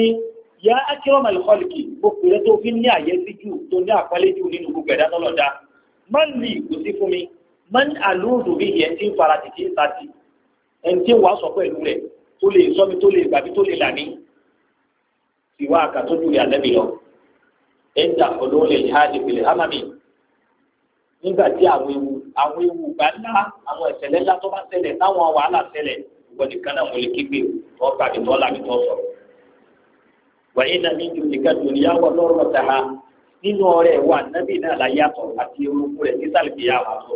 yà akọrọ máa lọ ọlẹ́kì gbogbo rẹ tó fi ní àyẹ́sí jù tó ní àpálẹ́ jù nínú gbogbo ẹ̀dá tọ́lọ̀ lì kò sí fún mi máa ní alùpùpù yìí ẹ̀ ẹni tí wàá sọ pẹ̀lú rẹ̀ tó lè sọ mi tó lè gbà mi tó lè là mí ìwà àkàtúndù rẹ̀ àlẹ́ mi lọ ẹ̀dá olóòlè ìhádìí ìpìlẹ̀ hámàmì nígbà tí àwọn ewu àwọn ewu gbà ńlá àwọn ìṣẹ̀lẹ̀ ńlá tó bá ṣẹlẹ̀ táwọn wàhálà ṣẹlẹ̀ ìwọ̀dì kan náà mo lè kígbe tó gbà mí tó là mí wàyí náà ní ju nìkan dùnìyà wọ lọ́rọ̀ tàà nínú ọ̀rẹ́ wa nábì náà láyàtọ̀ àti orúkú rẹ̀ sísàlùkì yà wà sọ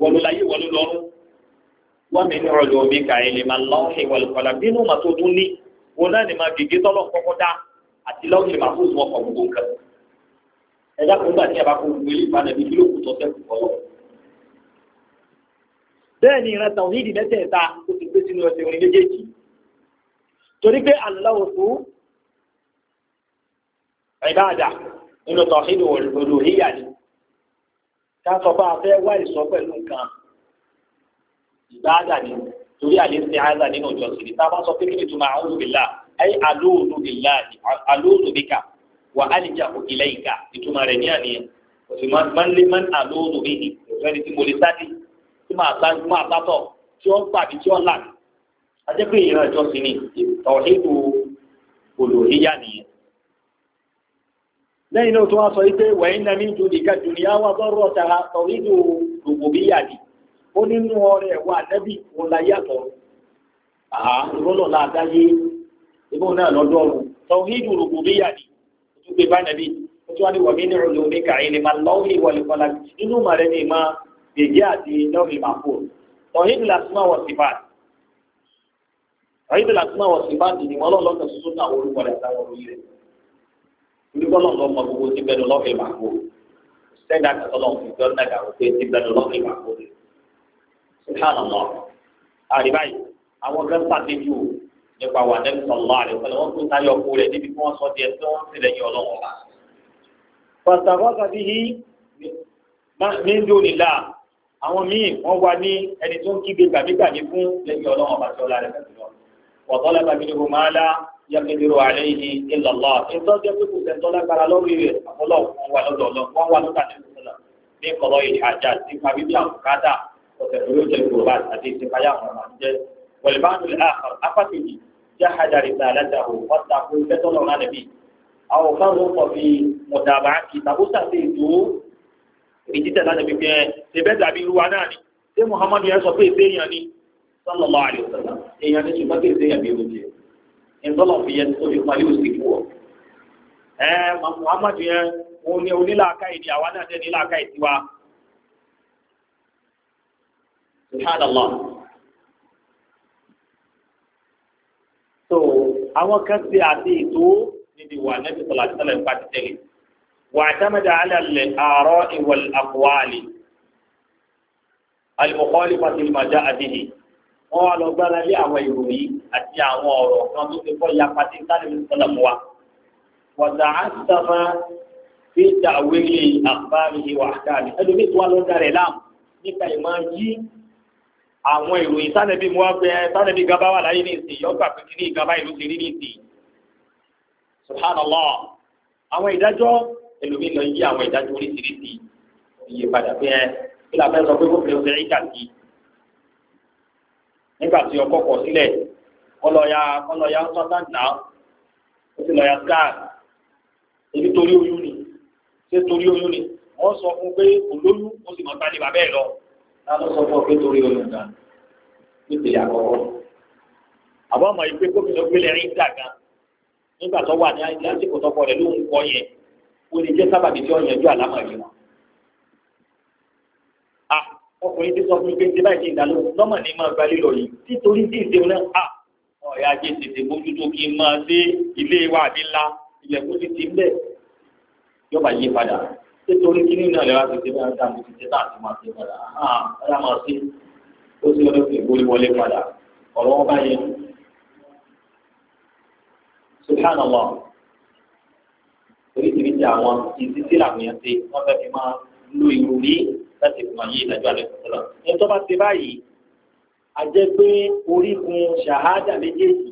wọlúláyé wọlúlọ́rùn wọ́n mi ní ọ̀lọ́ mi kà ẹ̀ lè máa lọ́ọ̀hìn ìwọ̀lùkọ̀lá bínú màá tó tún ní wọn náà ní máa gègé tọ́lọ̀ kọ́kọ́ dá àti lọ́ọ̀hìn màá fún ìwọ̀n kọ̀ọ̀kọ̀ nǹkan. ẹ dákun gbà ní abakun gbé ilé ìfànà bíi kílò kù ni ká sọ bá fẹ́ wá ìsọ pẹ̀lú nǹkan ìbáàdà ni torí àlè ṣe àádà nínú ọjọ́ sí ni tá a bá sọ pé kí ni tó máa àwọn òbílà ayé alóòlù bìlà alóòlù bìkà wà á lè jà òkè lẹ́yìnká ìtumọ̀ rẹ̀ ní àníyàn òsì máa ń lé máa ń alóòlù bìkì ìfẹ́ni tí mo lè sáde tí máa sá tí máa sá tí ó ń tí ó ń là ajẹ́ pé ìran ọjọ́ sí ni ìtọ̀hídù olùhíyà nìyẹn lẹ́yìn náà tó wá sọ wípé wẹ̀yìn náà ní ìdúdìkà ó nínú ọrẹ ẹ̀wọ́ àdẹ́bì òun la yàtọ̀ àgbọ́nà láàdáyé ìbọn náà lọ́dọ̀ ọ̀run tọ̀hídù rùbùbíyà ni ojú pé bá nàbí ojú wa ni wọ̀mí ní ìrọ̀lẹ́ omi kàyé ni máa lọ́wọ́ ìwọlé kọ́lá nínú màrẹ́ ni máa gbèjé àti lọ́ọ̀rì máa fò tọ̀hídù làtúmọ̀ wọ̀ sí bá tọ̀hídù làtúmọ̀ wọ̀ sí bá ni wọ́n lọ́ọ̀ lọ́kàn tuntun náà orúkọ rẹ̀ subhanallah àríbáyì àwọn kan sàdéjú nípa wà nẹ́bí sọ̀lá rẹ̀ pẹ̀lú wọn tó táyọ̀ kú rẹ̀ níbi kí wọ́n sọ díẹ̀ tí wọ́n sì lẹ́yìn ọlọ́run ọ̀la. pàtàkó tàbí yí mí ń dún nílà àwọn míì wọ́n wá ní ẹni tó ń kígbe gbàmígbàmí fún lẹ́yìn ọlọ́run ọba tí ọlá rẹ̀ fẹ́ jùlọ. wọ́tọ́ lábà mí ni mo máa lá yàgbẹ́dẹ́rọ alẹ́ yìí ìlọ́lá ìtọ́ jẹ́ pé kò sẹ́ńtọ́ lágbára lórí rẹ̀ àkọlọ́ wọn wà lọ́dọ̀ ọlọ́ wọn wà lọ́dọ̀ àdéhùn sọ́lá ní kọ́lọ́ ìhàjà nípa bíbí àbùkádà وتفريج الكربات حديث حياة والبعض الآخر أفتني جحد رسالته واتقوا كتنو نبي أو فرط في متابعة كتابه سهلته ìdíjẹ láti fi fi ẹ ṣe bẹ́ẹ̀ dàbí irúwa náà ni ṣé Muhammad yẹn sọ pé ìṣèyàn ni sallallahu alaihi wasallam èèyàn ní ṣùgbọ́n kí ìṣèyàn bí oúnjẹ ìtọ́lọ̀ fi yẹn tó fi parí òsì fún ọ. ẹ Muhammad yẹn òun ni onílàákàyè ni àwa náà jẹ́ nílàákàyè tiwa subhanallah. so àwọn kan ṣe àti ètò níbi wà nẹ́bí sọ̀lá sẹ́lẹ̀ ń pàtí tẹ̀lé wà àtàmẹ́dà alẹ́ àárọ̀ ìwọ̀l àkùwálì alìmọ̀kọ́lì pàtìlì màjá àdìhì wọ́n wá lọ gbára lé àwọn ìròyìn àti àwọn ọ̀rọ̀ kan tó ti kọ́ ya pàtí sálẹ̀ sọ̀lá mu wa wàtà àtàmà fi tàwílì àkùbárì ìwà àkàlì ẹlòmíì tó wà lọ́dà rẹ̀ láàmú nípa ìmọ̀ yí àwọn ìròyìn sánẹbí mo wá pé sánẹbí gaba wà láyé ní ìsìn yọgbà pé kíní ìgaba ìlú ti rí ní ìsìn subhanallah àwọn ìdájọ́ ẹlòmíín lọ yí àwọn ìdájọ́ oríṣiríṣi iye padà pé ẹ kí la fẹ́ sọ pé kófìlẹ̀ ọ̀sẹ̀ ríkà sí nígbà tí ọkọ̀ kọ̀ sílẹ̀ ọlọ́ya ọlọ́ya ń sọ́tàn náà ó sì lọ́ya scar ebi torí oyún ni ṣé torí oyún ni wọ́n sọ fún pé kò lóyún ó sì mọ̀ lálọ́ sọ fún ọ pé torí oyún gan ló ti yà kọ́kọ́. àbọ̀ ọmọ yìí pé gómìnà gbélé rí dà gan nígbà tó wà ní lásìkò tọkọ rẹ̀ ló ń kọ́ yẹn ó lè jẹ́ sábàbí tí ó yẹjú àlámọ̀ yìí wọn. à ọkùnrin ti sọ fún mi pé ti báyìí ti dà lóhùn lọ́mọ ní máa gba lílọ yìí títorí tí ìṣeun náà à ọ̀yà ajé tètè bójútó kí n máa dé ilé wa àbí ńlá ilẹ̀kùn ti ti ń bẹ̀ yọba yí padà nítorí kí nínú ẹ̀rọ àti ìdílé àti àti ìdílé àti máa ṣe padà hàn ah, ẹ̀rọ máa ṣe ó sì lọ́dọ̀ fún ìgbórí wọlé padà ọ̀rọ̀ wọn bá yẹn. subhanallah oríṣiríṣi àwọn ìṣísí làwọn yẹn ṣe wọ́n fẹ́ fi máa lo ìròrí láti fún ayé ìdájọ́ àlẹ́ sọ̀rọ̀. ẹni tó bá ṣe báyìí a jẹ́ pé orígun ṣàhádà méjèèjì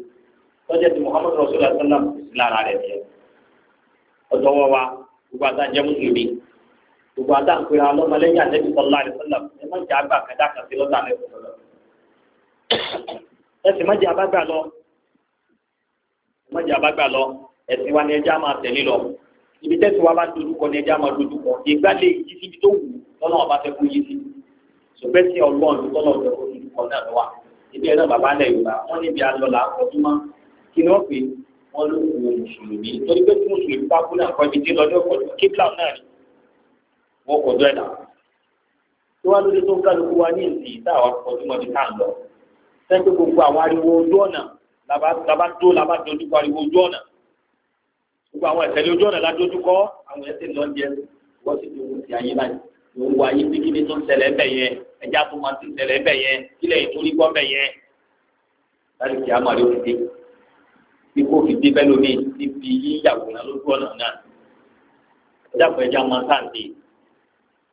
tọ́jà ti muhammadu rasulullah sallam lára rẹ̀ jẹ́ ọjọ́ wọ́n wa gbogbo àti àjẹ mùsùlùmí gbogbo àti àǹkúra ọlọ́mọlẹ́yìn àtẹ́bí sọlá àdìsọ́lá ẹ má jẹ́ àgbà kẹta kan sí lọ́tà lẹ́kọ̀ọ́ lọ. ẹ sì má jẹ́ àbágbà lọ ẹ má jẹ́ àbágbà lọ ẹ̀sìn wa ni ẹja máa tẹ̀lé lọ ibi tẹ́sí wa bá dojú kọ ní ẹja máa dojú kọ ìgbà lè yí síbi tó wù lọ́nà ọba fẹ́ kó yí sí ṣùgbẹ́ sí ọgbọ́n ló tọ́lọ̀ ọ̀dọ̀ kó dojú náà lọ́wọ́ ibi ẹ̀rọ wọ́n ló kú mùsùlùmí torí pé kí mùsùlùmí bá kú náà kọ́ ibi tí lọ́dọ̀ kọ́ kíkà náà ni wọ́n kọ́ dọ́ ẹ̀dá. tí wọ́n lóde tó ń kálukú wa ní ìsìn tá àwọn akọ̀ tí mo ti kàn lọ. sẹ́ńtẹ́ gbogbo àwọn ariwo ojú ọ̀nà labá tó labá dojú kọ ariwo ojú ọ̀nà. gbogbo àwọn ẹ̀sẹ̀ ojú ọ̀nà ládójú kọ́ àwọn ẹ̀sẹ̀ lọ́njẹ wọ́n sì dùn sí ayé láyé. mo ń wá ayé tó ń ṣẹlẹ̀ bẹ̀ yẹn ẹja tó máa ti ṣẹlẹ̀ bẹ̀ yẹn kílẹ̀ ìtòrí gbọ́ bẹ̀ yẹn. láti kí á máa rí òkè bí kò fi dé bẹ́ẹ̀ lómi níbi yíyàwó náà lójú ọ̀nà náà ẹ̀dá pẹ̀lú ẹja máa sáǹdé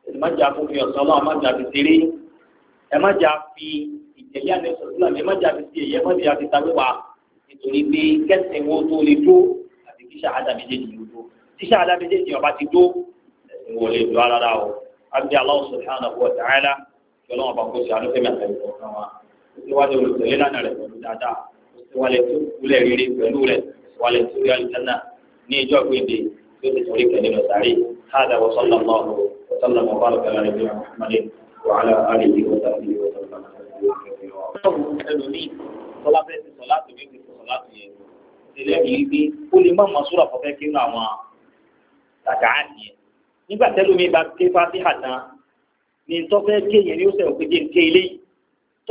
ẹ̀ má jà fún fi ọ̀sán ọlọ́run má jà fi ṣeré ẹ̀ má jà fi ìjẹ̀lẹ́ àná ìṣòwò ẹ̀ má jà fi ṣe ẹ̀yẹ má jà fi tawéwà nítorí pé kẹsàn-án wo tó le tó àti kí sàádà méjèèjì ló tó tí sàádà méjèèjì ọba ti tó ẹ̀sìn wọlé ìlú alára o àbí Allah subhanahu wa ta'ala kí ọlọ́run ọba kó ṣe àlùfẹ́mi àtàlẹ́ kọ̀ọ̀kan wa ó ti wá wàlẹ̀ tó kulẹ̀ rere pẹ̀lú rẹ̀ wàlẹ̀ tó yà lùtánà ní ìjọ gbèdé tó ti sọ̀rọ̀ ìkànnì lọ sàárè káàdà wọ sọ́lá mọ́ ọ sọ́lá mọ́ bá lọ́kàlá rẹ̀ bí wàhálà wàhálà àlè yìí wọ́n sàbí wọ́n sàbí wọ́n sàbí. nígbà tẹ́lómi bá ké fásihà tán ní tọ́fẹ́ kéèyàn ni ó sẹ̀rọ̀ pé jẹ́ ń ké eléyìí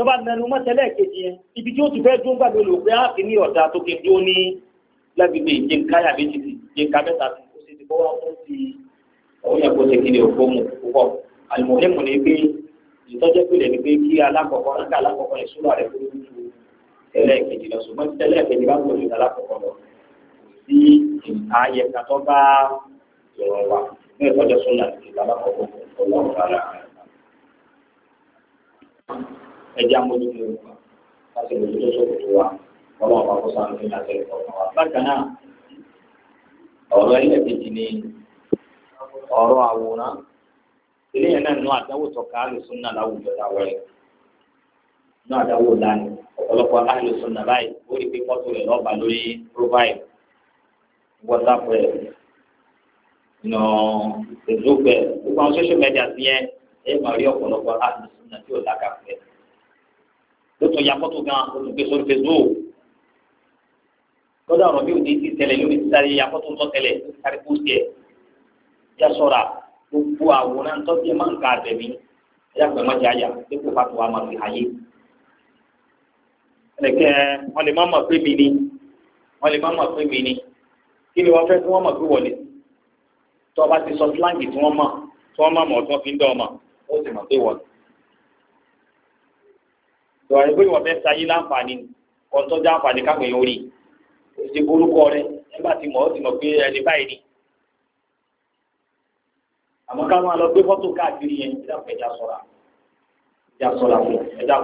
tó bá mẹnu mọ́tẹ́lẹ̀ kejì yẹn ibi tí ó ti fẹ́ dún gbà ló lò pé á kì í ní ọ̀dà tó ké dún ní lágbègbè jẹ̀ǹká yàgbé ti ti jẹ̀ǹká mẹ́ta ti kó sí ti kó wọ́n fún ti ọ̀hún yẹn kó ṣe kí ni òkú mu púpọ̀ àlùmọ̀lẹ́mù ni pé ìtọ́jẹ́ pé lẹ́ni pé kí alákọ̀ọ́kọ́ rákà alákọ̀ọ́kọ́ rẹ̀ súnmọ́ rẹ̀ fún ẹlẹ́ẹ̀kejì lọ ṣùgbọ́n tẹ́lẹ̀kejì bá wọlé alákọ̀ọ́kọ́ lọ sí ààyè kàtọ́ bá ìrọ̀wà fún ìtọ́jọ́ súnmọ́ àti ẹjẹ amójútó ìwà láti lè tó sọ̀rọ̀ tó wa ọlọ́run bá kó sáré ní àti ẹ̀kọ́ kan wa. bákan náà ọ̀rọ̀ ẹlẹ́ẹ̀kejì ni ọ̀rọ̀ àwòrán eléyìí náà nù àdáwò tọ́ka àlùsùn náà láwùjọ láwọ̀ rẹ̀ nù àdáwò lánà ọ̀pọ̀lọpọ̀ àlùsùn náà báyìí ó rí pé fọ́tò rẹ̀ lọ́ba lórí profile whatsapp rẹ̀ nù facebook rẹ̀ gbogbo àwọn social media ti yẹn ẹ̀ máa rí ọ̀pọ̀lọpọ̀ àlùsùn náà tí ò lákàtúntẹ̀ ló tún ya fọ́tò gan o tún gbé sórí facebook lọ́dọ̀ ọ̀rọ̀ mi ò ní ti tẹ̀lẹ̀ lórí ti sáré ya fọ́tò tó tẹ̀lẹ̀ ó ti sáré kó tiẹ̀ yá sọ̀ra gbogbo àwòrán tó fi máa ń ka àbẹ̀mí yá pẹ̀ mọ́jà àyà dípò fàtó wa máa fi ayé. ẹnìkẹ́ wọ́n lè má mọ̀ pé mi ni wọ́n lè má mọ̀ pé mi ni kí ni wọ́n fẹ́ kí wọ́n mọ̀ pé wọlé tó o bá ti sọ fúláǹgì tí wọ́n mọ̀ tí wọ́n mọ̀ mọ̀ tí wọ́n fi ń dọ́ ọmọ ó sì mọ̀ pé wọlé ìwà rẹ pé ìwà fẹ́ sayé láǹfààní ọ̀tọ́jú àǹfààní káwọn èèyàn rí o ti borúkọ rẹ nígbà tí mọ̀ ọ́ ti mọ̀ pé ẹni báyìí ni. àmọ́ ká máa lọ gbé fọ́tò káàkiri yẹn ẹ̀dá fún ẹ̀dá sọ̀ra ẹ̀dá sọ̀ra fún ẹ̀dá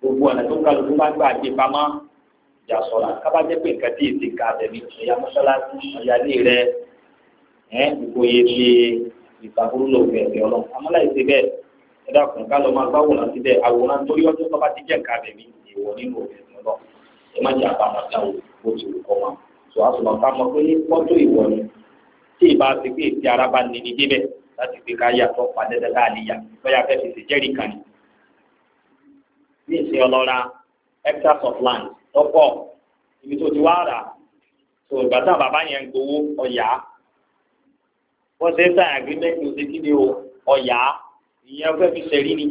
gbogbo ọ̀nà tó kálukú bá gbà dé pamọ́ ẹ̀dá sọ̀ra kábà jẹ́ pé nǹkan tí èsì ká tẹ̀lé ẹ̀yà mọ́ṣáláṣí ọ̀yálé rẹ ẹ̀ gbogbo yẹn ṣe ìtàkùrú lòfin ẹ̀fẹ́ ọlọ́run àmọ́ ẹ̀dá kùn ká lọ́ọ́ máa gbáwòrán síbẹ̀ àwòrán torí ọjọ́ tó bá ti jẹ́ nǹkan abẹ̀mí ìwọ nínú òfin náà ẹ má jẹ́ àbámọ̀ dáwò bó ti wù kọ́ ká pé ní ìwọ ni tí ti pé ara bá ní ní débẹ̀ láti ká yàtọ̀ padẹ́dẹ́ lọ́yà fẹ́ fi ìyẹn fẹ́ fi sẹ̀rí ni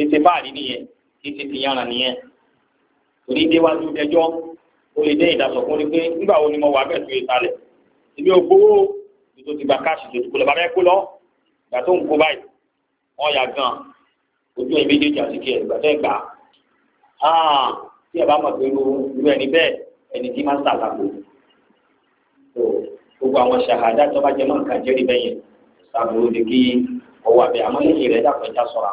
ètè fáàrí nìyẹn ètè tìyànrà nìyẹn torí déwájú ẹjọ́ ó lè dé ìdásọ̀ fún ni pé nígbà wo ni mo wà bẹ́ẹ̀ tó ìsàlẹ̀ ibi ògbówó ètò ti gba káàṣì tó ti kó lọ bàbá ẹ kó lọ ìgbà tó ń kó báyìí wọn yà gan ojú ẹ méjèèjì àti kí ẹ ìgbà tẹ́ gbà á ah, tí ẹ bá mọ̀ pé irú ẹni bẹ́ẹ̀ ẹni tí máa ń sàlàkó gbogbo àwọn ṣàhádà tó bá jẹ mọ́ nǹkan jẹ́rìí bẹ́yẹn ṣàbùrù ni kí ọwọ́ àbẹ àmọ́ lẹ́yìn rẹ̀ dàpọ̀ ẹja ṣọ́ra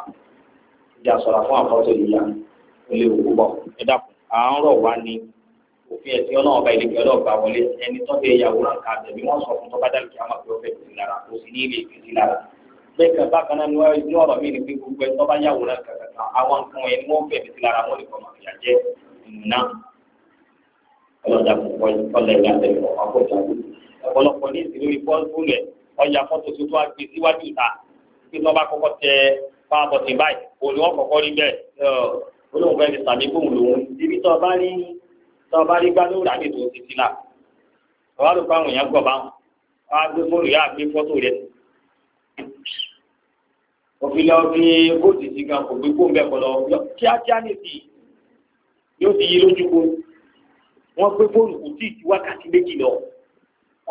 ẹja ṣọ́ra fún àfọ́tò ìyá ó lè wò bọ̀ ẹ dàpọ̀ à ń rọ̀ wá ní òfin ẹ̀sìn ọlọ́run ọba ìlẹ̀kẹ́ ọlọ́ọ̀gbà wọlé ẹni tó fẹ́ ìyàwó náà ká tẹ̀lé wọ́n sọ fún tó dàlùkì àwọn àpẹ ọ̀fẹ́ sí lára kò sí ní ilé ìgbésí lára bẹ́ẹ̀ kan bákan náà ní ọ̀rọ̀ mi ni pé gbogbo ẹni tó bá yàwó náà kàkàkà àwọn nǹkan ẹni wọ́n fẹ́ sí lára wọn lè kọ́ màfìyà jẹ́ ìmúná ọlọ́dà púpọ̀ ìkọlẹ̀ ìlànà ọ̀pọ̀lọpọ̀ ní ìsìn lórí ọjà fọ́tò tó tó wá tí wọ́n bá kọ́kọ́ tẹ fáwọn bọ̀tì báyìí òun ni wọ́n kọ́kọ́ rí bẹ́ẹ̀ olóhùn fẹ́ẹ́ fi sàmì fóun lòun ibi tó bá rí tó bá rí gbá lóòrà ní ìtòsí ti là ọ̀rọ̀ àlùkò àwọn èèyàn gbọ̀ bá wọn wọ́n á gbé fóònù yá gbé fọ́tò rẹ̀ òfin lọ fi bóòtù sí gan kò gbé fóònù bẹ́ẹ̀ kọ́ lọ kíákíá nìsí yóò ti yí lójú ko wọ́n gbé fóònù kò tí ì ti wákàtí méjì lọ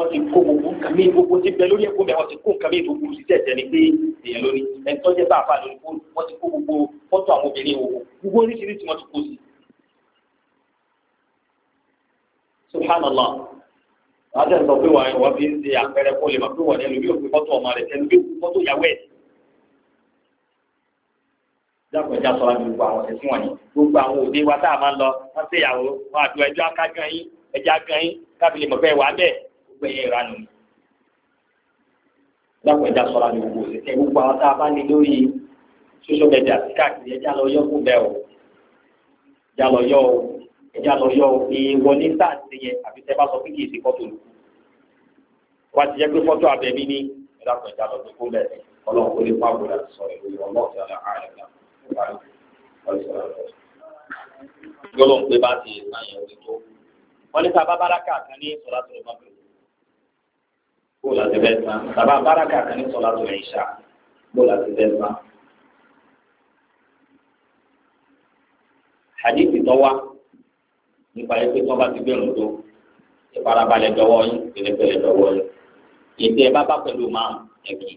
wọ́n ti kó gbogbo nǹkan mi gbogbo ti bẹ lórí ẹ̀kọ́ mi wọ́n ti kó nǹkan mi tó burú sí tẹ̀sẹ̀ ni pé èèyàn lórí ẹni tó jẹ́ bá àfa lórí fóònù wọ́n ti kó gbogbo fọ́tò àwọn obìnrin wò gbogbo oríṣiríṣi wọ́n ti kó sí. subhanallah wàá tẹ̀ sọ pé wà á wọ́n fi ń ṣe àpẹẹrẹ kó lè máa pé wọ́n ní ẹlòmí òfin fọ́tò ọmọ rẹ̀ tẹ́lú bí fọ́tò ìyàwó ẹ̀ jákòó ẹja sọ̀rọ̀ ní gbogbo àwọn ẹ̀sìn wọ̀nyí gbogbo àwọn òde wa tá a máa ń lọ wọ́n ṣèyàwó wọn àti ẹjọ́ aká gan yín ẹja gan yín kábìlì mọ̀fẹ́ wà bẹ́ẹ̀ gbogbo ẹ̀yẹ ìranù láwọn ẹ̀dá sọ̀rọ̀ àmì gbogbo òṣìṣẹ́ gbogbo àwọn tá a bá ní lórí social media àti káàkiri ẹja lọ yọ fún bẹ́ẹ̀ o ẹja lọ yọ o ẹja lọ yọ o èèwọ̀ ní sáà ti yẹ àbí tẹ́ bá sọ pé kì í ṣe fọ́tò lù wá ti jẹ́ pé fọ́tò abẹ́mí ní ẹ̀dá ẹja lọ tó kó lẹ̀ ọlọ́run kó lè fún àbúrò àti sọ̀rọ̀ ìlú ọlọ́run ti àlẹ́ àárẹ̀ náà gbọ́dọ̀ pé bá ti ṣàyẹ̀wò tó wọ́n ní sábà bára káàkiri ní sọ̀rọ̀ àtọ̀rọ̀ bó láti bẹ́ẹ̀ san bàbá abáraka kan ní sọlá tó lè ṣá bó láti bẹ́ẹ̀ san. hadith tó wá nípa yẹn pé tó bá ti gbẹ̀rún tó ìfarabalẹ̀ dọwọ́ yín pẹ̀lẹ́pẹ̀lẹ́ dọwọ́ yín ètò ẹ̀ bá bá pẹ̀lú máa ẹ̀kì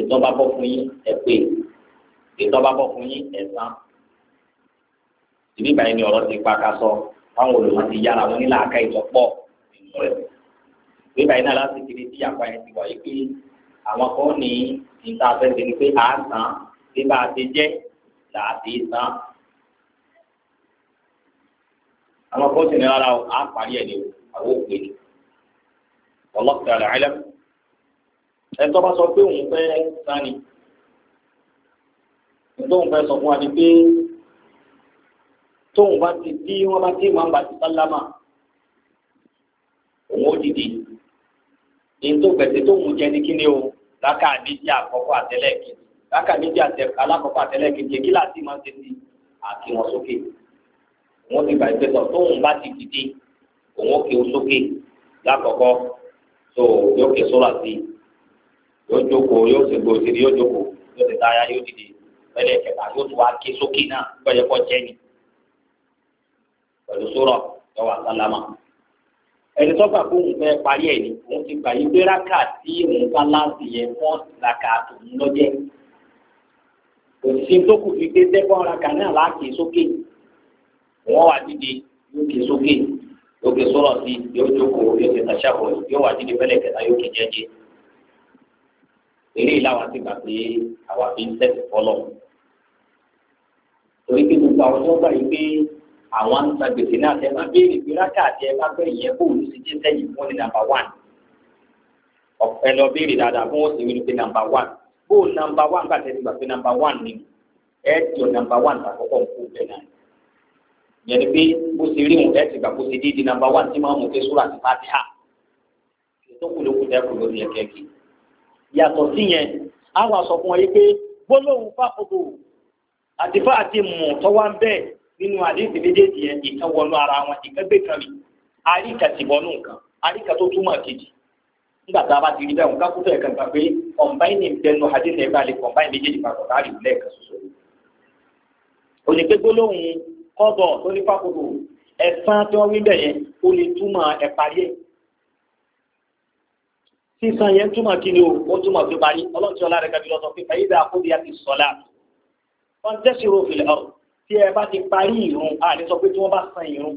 ètò ọba bọ́ fún yín ẹ̀ pé ètò ọba bọ́ fún yín ẹ̀ san ìbí ni ọ̀rọ̀ ti pa ká sọ táwọn olùmọ̀ ti yára wọn nílà àká ìtọ́pọ̀ nínú rẹ̀ pé báyìí náà láti kiri tí àpá yẹn ti wà yìí pé àwọn kan ní níta fẹsẹ̀ ni pé à á san bí bá a ti jẹ́ là san. àwọn kan sì ní ara o à á parí ẹ̀ ní àwọn òkè ni ọlọ́pàá rẹ̀ àìlẹ́ ẹ tọ́ bá sọ pé òun fẹ́ san ni tóun fẹ́ sọ fún wa ni pé tóun bá ti bí wọ́n bá ti máa ń bá ti sálámà òun ó dìde ètò gbèsè tó mú jẹ ní kíni o láka méjì àkọ́kọ́ àtẹlẹ kejì láka méjì alákọ̀ọ́kọ́ àtẹlẹ kejì kí láti máa ṣe sí àti wọn sókè wọn ti gbàgbé sọ tóun bá ti dìde òun ó ké o sókè lákọ̀ọ́kọ́ tó yóò ké sóra sí yóò jókòó yóò ṣe gbòòsì yóò jókòó yóò ṣe táyà yóò dìde pẹ̀lẹ́ kẹta yóò tún wá ké sókè náà gbọ́dọ̀ kọ jẹ ni pẹ̀lú sóra yóò wà sálámà ẹni tó gbà fún òun fẹ́ parí ẹ̀ ni òun ti gbà yín gbéra kà sí òun bá láti yẹ fún ìlàkà òun lọ́jẹ́ òṣìṣẹ́ tó kù fi gbé sẹ́fọ́n raka náà láàkè sókè wọ́n wà dídì yóò ké sókè yóò ké sọ́rọ̀ sí yóò jókòó yóò ké sàṣàbọ̀ yóò wà dídì fẹ́lẹ̀ kẹta yóò ké jẹ́jẹ́ eré ìlàwọ̀ àti gbà pé àwa fi ń tẹ̀sí fọ́lọ́ torí pé gbogbo àwọn tó gbà yín pé àwọn ń san gbèsè náà tẹ bá béèrè pé rákàtí ẹ bá pẹ́ ìyẹn kó olú sí jẹ́ sẹ́yìn fún ní nàmbà wán ọ̀pẹ lọ béèrè dáadáa fún òsì mi ní pé nàmbà wán bó nàmbà wán bá tẹ̀sí gbà pé nàmbà wán ni ẹ ti ọ̀ nàmbà wán àkọ́kọ́ nǹkó bẹ̀ náà yẹn ni pé bó ṣe rí òun ẹ ti gbà bó ṣe dídì nàmbà wán tí máa mú ké sóra àti pàtí hà tó kúlókù dẹ́kun lórí ẹ̀kẹ́ nínú àdéhùn méjèèjì yẹn ìkan wọnú ara wọn ìkan gbé kan mi àríkà ti wọnú nǹkan àríkà tó túmọ̀ kejì nígbà tá a bá ti rí bẹ́ẹ̀ nǹkan kútó ẹ̀kan gbà pé kọ̀m̀báìnì bẹnu àdéhùn ẹ̀ka lè kọ̀m̀báìnì méjèèjì papọ̀ láàrin ìlú lẹ́ẹ̀kan ṣoṣo. òní pé gbólóhùn kọ́bọ̀ tó ní fákòrò ẹ̀sán tí wọ́n wí bẹ̀ yẹn ó lè túmọ̀ ẹ̀ parí ẹ̀. sísan yẹn túmọ̀ kí ni o ó túmọ̀ fi parí ọlọ́run tí ọlá rẹ̀ gàdúrà sọ pé fàyídà àkóbíyá ti sọ tí ẹ bá ti parí ìrun a ní sọ pé tí wọ́n bá san ìrun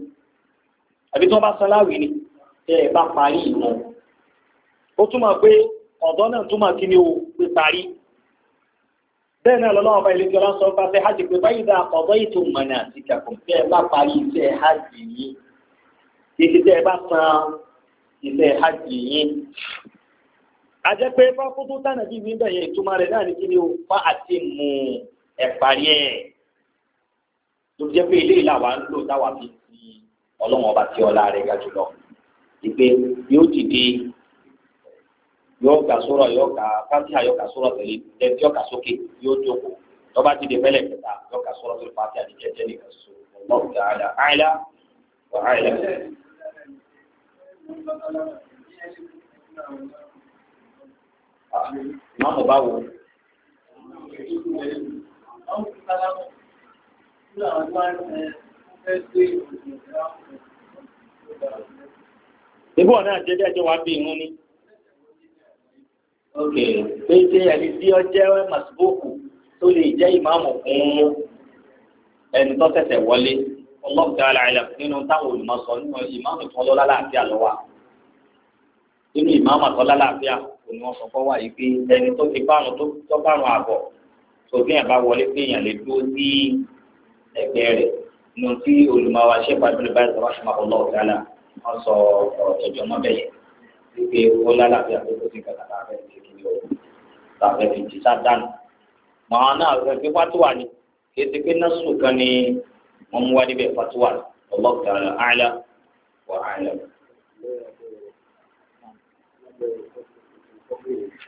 àbí tí wọ́n bá san láwìí ni tí ẹ bá parí ìrun ó túmọ̀ pé ọ̀dọ́ náà túmọ̀ kí ni ó pé parí bẹ́ẹ̀ náà lọ́nà ọba ilé ìjọba sọ pé hajj pé báyìí dá ọ̀dọ́ ètò mọ̀nà àti kàkùn tí ẹ bá parí iṣẹ́ hajj yìí kì tí ẹ bá san iṣẹ́ hajj yìí àjẹ́ pé fáfútú tánà bíi níbẹ̀ ìtumọ̀ rẹ̀ náà ní kí ni ó fa àti mú ẹ̀ parí ẹ̀ tó jẹ́ pé ilé ìlà wa ń lò táwa fi ti ọlọ́run ọba tí ọlá rẹ̀ ga jùlọ ìpè yóò dìde yóò kà sórọ̀ yóò kà fásitì yóò kà sórọ̀ tẹ̀lé tẹ̀lé yóò kà sókè yóò jókòó tọ́ba ti di mẹ́lẹ̀ kẹta yóò kà sórọ̀ tẹ̀lé fásitì àti jẹjẹ nìkan so ọlọ́run ti àlà àìlà wà àìlà. Ah, Máàmù báwo? Ìbú ọ̀nà àjẹ́jẹ́ ẹjọ́ wa bí ìmú ní. Ok, pé ṣe ẹni tí ó jẹ́ màsíbóòkù tó lè jẹ́ ìmáàmù fún ẹni tó tẹ̀sẹ̀ wọlé. Ọlọ́ọ̀gá ara ilẹ̀ nínú táwọn olùmọ̀sọ nínú ìmáàmù tó lọ́lá láàfíà lọ́wọ́. Nínú ìmáàmù tó lọ́lá láàfíà kò ní wọ́n sọ fọ́wọ́ yìí pé ẹni tó ti bárun tó bárun àbọ̀. Sòfin ẹ̀ bá wọlé pé èèyàn lè dúró ẹgbẹ́ rẹ̀ nù tí olùmọ̀wá ṣe pàdé báyìí sọ̀rọ̀ ṣùgbọ́n ọ̀lọ́ ọ̀gá náà wọ́n sọ ọ̀rọ̀ tọ̀jọ́ mọ́ bẹ́yẹn wípé ó lálàáfíà tó kó sí kàkà láàbẹ̀ ti kí ni o láàbẹ̀ ti ti sá màá náà rẹ̀ pé fatuwa ni kì pé násù kan ni wọ́n mú wá níbẹ̀ fatuwa ọlọ́ọ̀gá àlà wà àlà.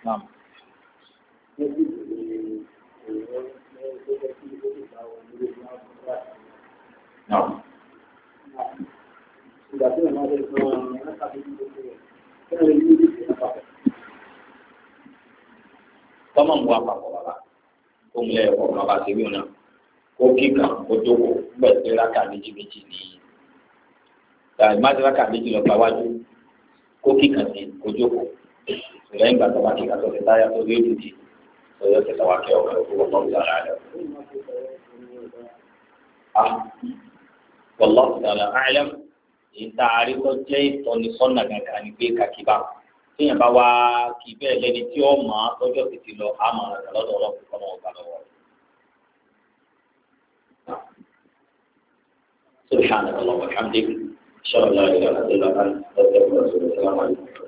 Thank you. náà. ìgbà tí wọn máa bẹ sọ ọ ní wọn tàbí gbogbo rẹ kí wọn lè ní ìdí ìdí náà tọ́mọ̀ ń wá papọ̀ bàbá tó ń lẹ ọ̀rọ̀ bàbá sí wíwọ̀n náà kó kíkan kó jókòó gbẹ̀sẹ̀ rákà méjì méjì ní tàbí má rákà méjì lọ bá wájú kó kíkan sí kó jókòó ìrẹ́ ìgbà tó bá kíkan tó ti táyà tó rí èdè tó yọ tẹ̀sán wá kẹ́ ọ̀rọ̀ tó wọ́n mọ́ ìlànà rẹ̀. Ah wallahu ta'ala a'lam ìta àríkọ́ jẹ́ ìtọ́nisọ́nà kankan ní pé kàkíbá téèyàn bá wá kí bẹ́ẹ̀ lẹ́ni tí ó mọ̀ á tọ́jọ́ títí lọ á mọ̀ ọ́ lọ́dọ̀ ọlọ́run kọ́ mọ́ ọ̀gbà lọ́wọ́. سبحانك اللهم وبحمدك اشهد ان لا اله الا انت استغفرك واتوب اليك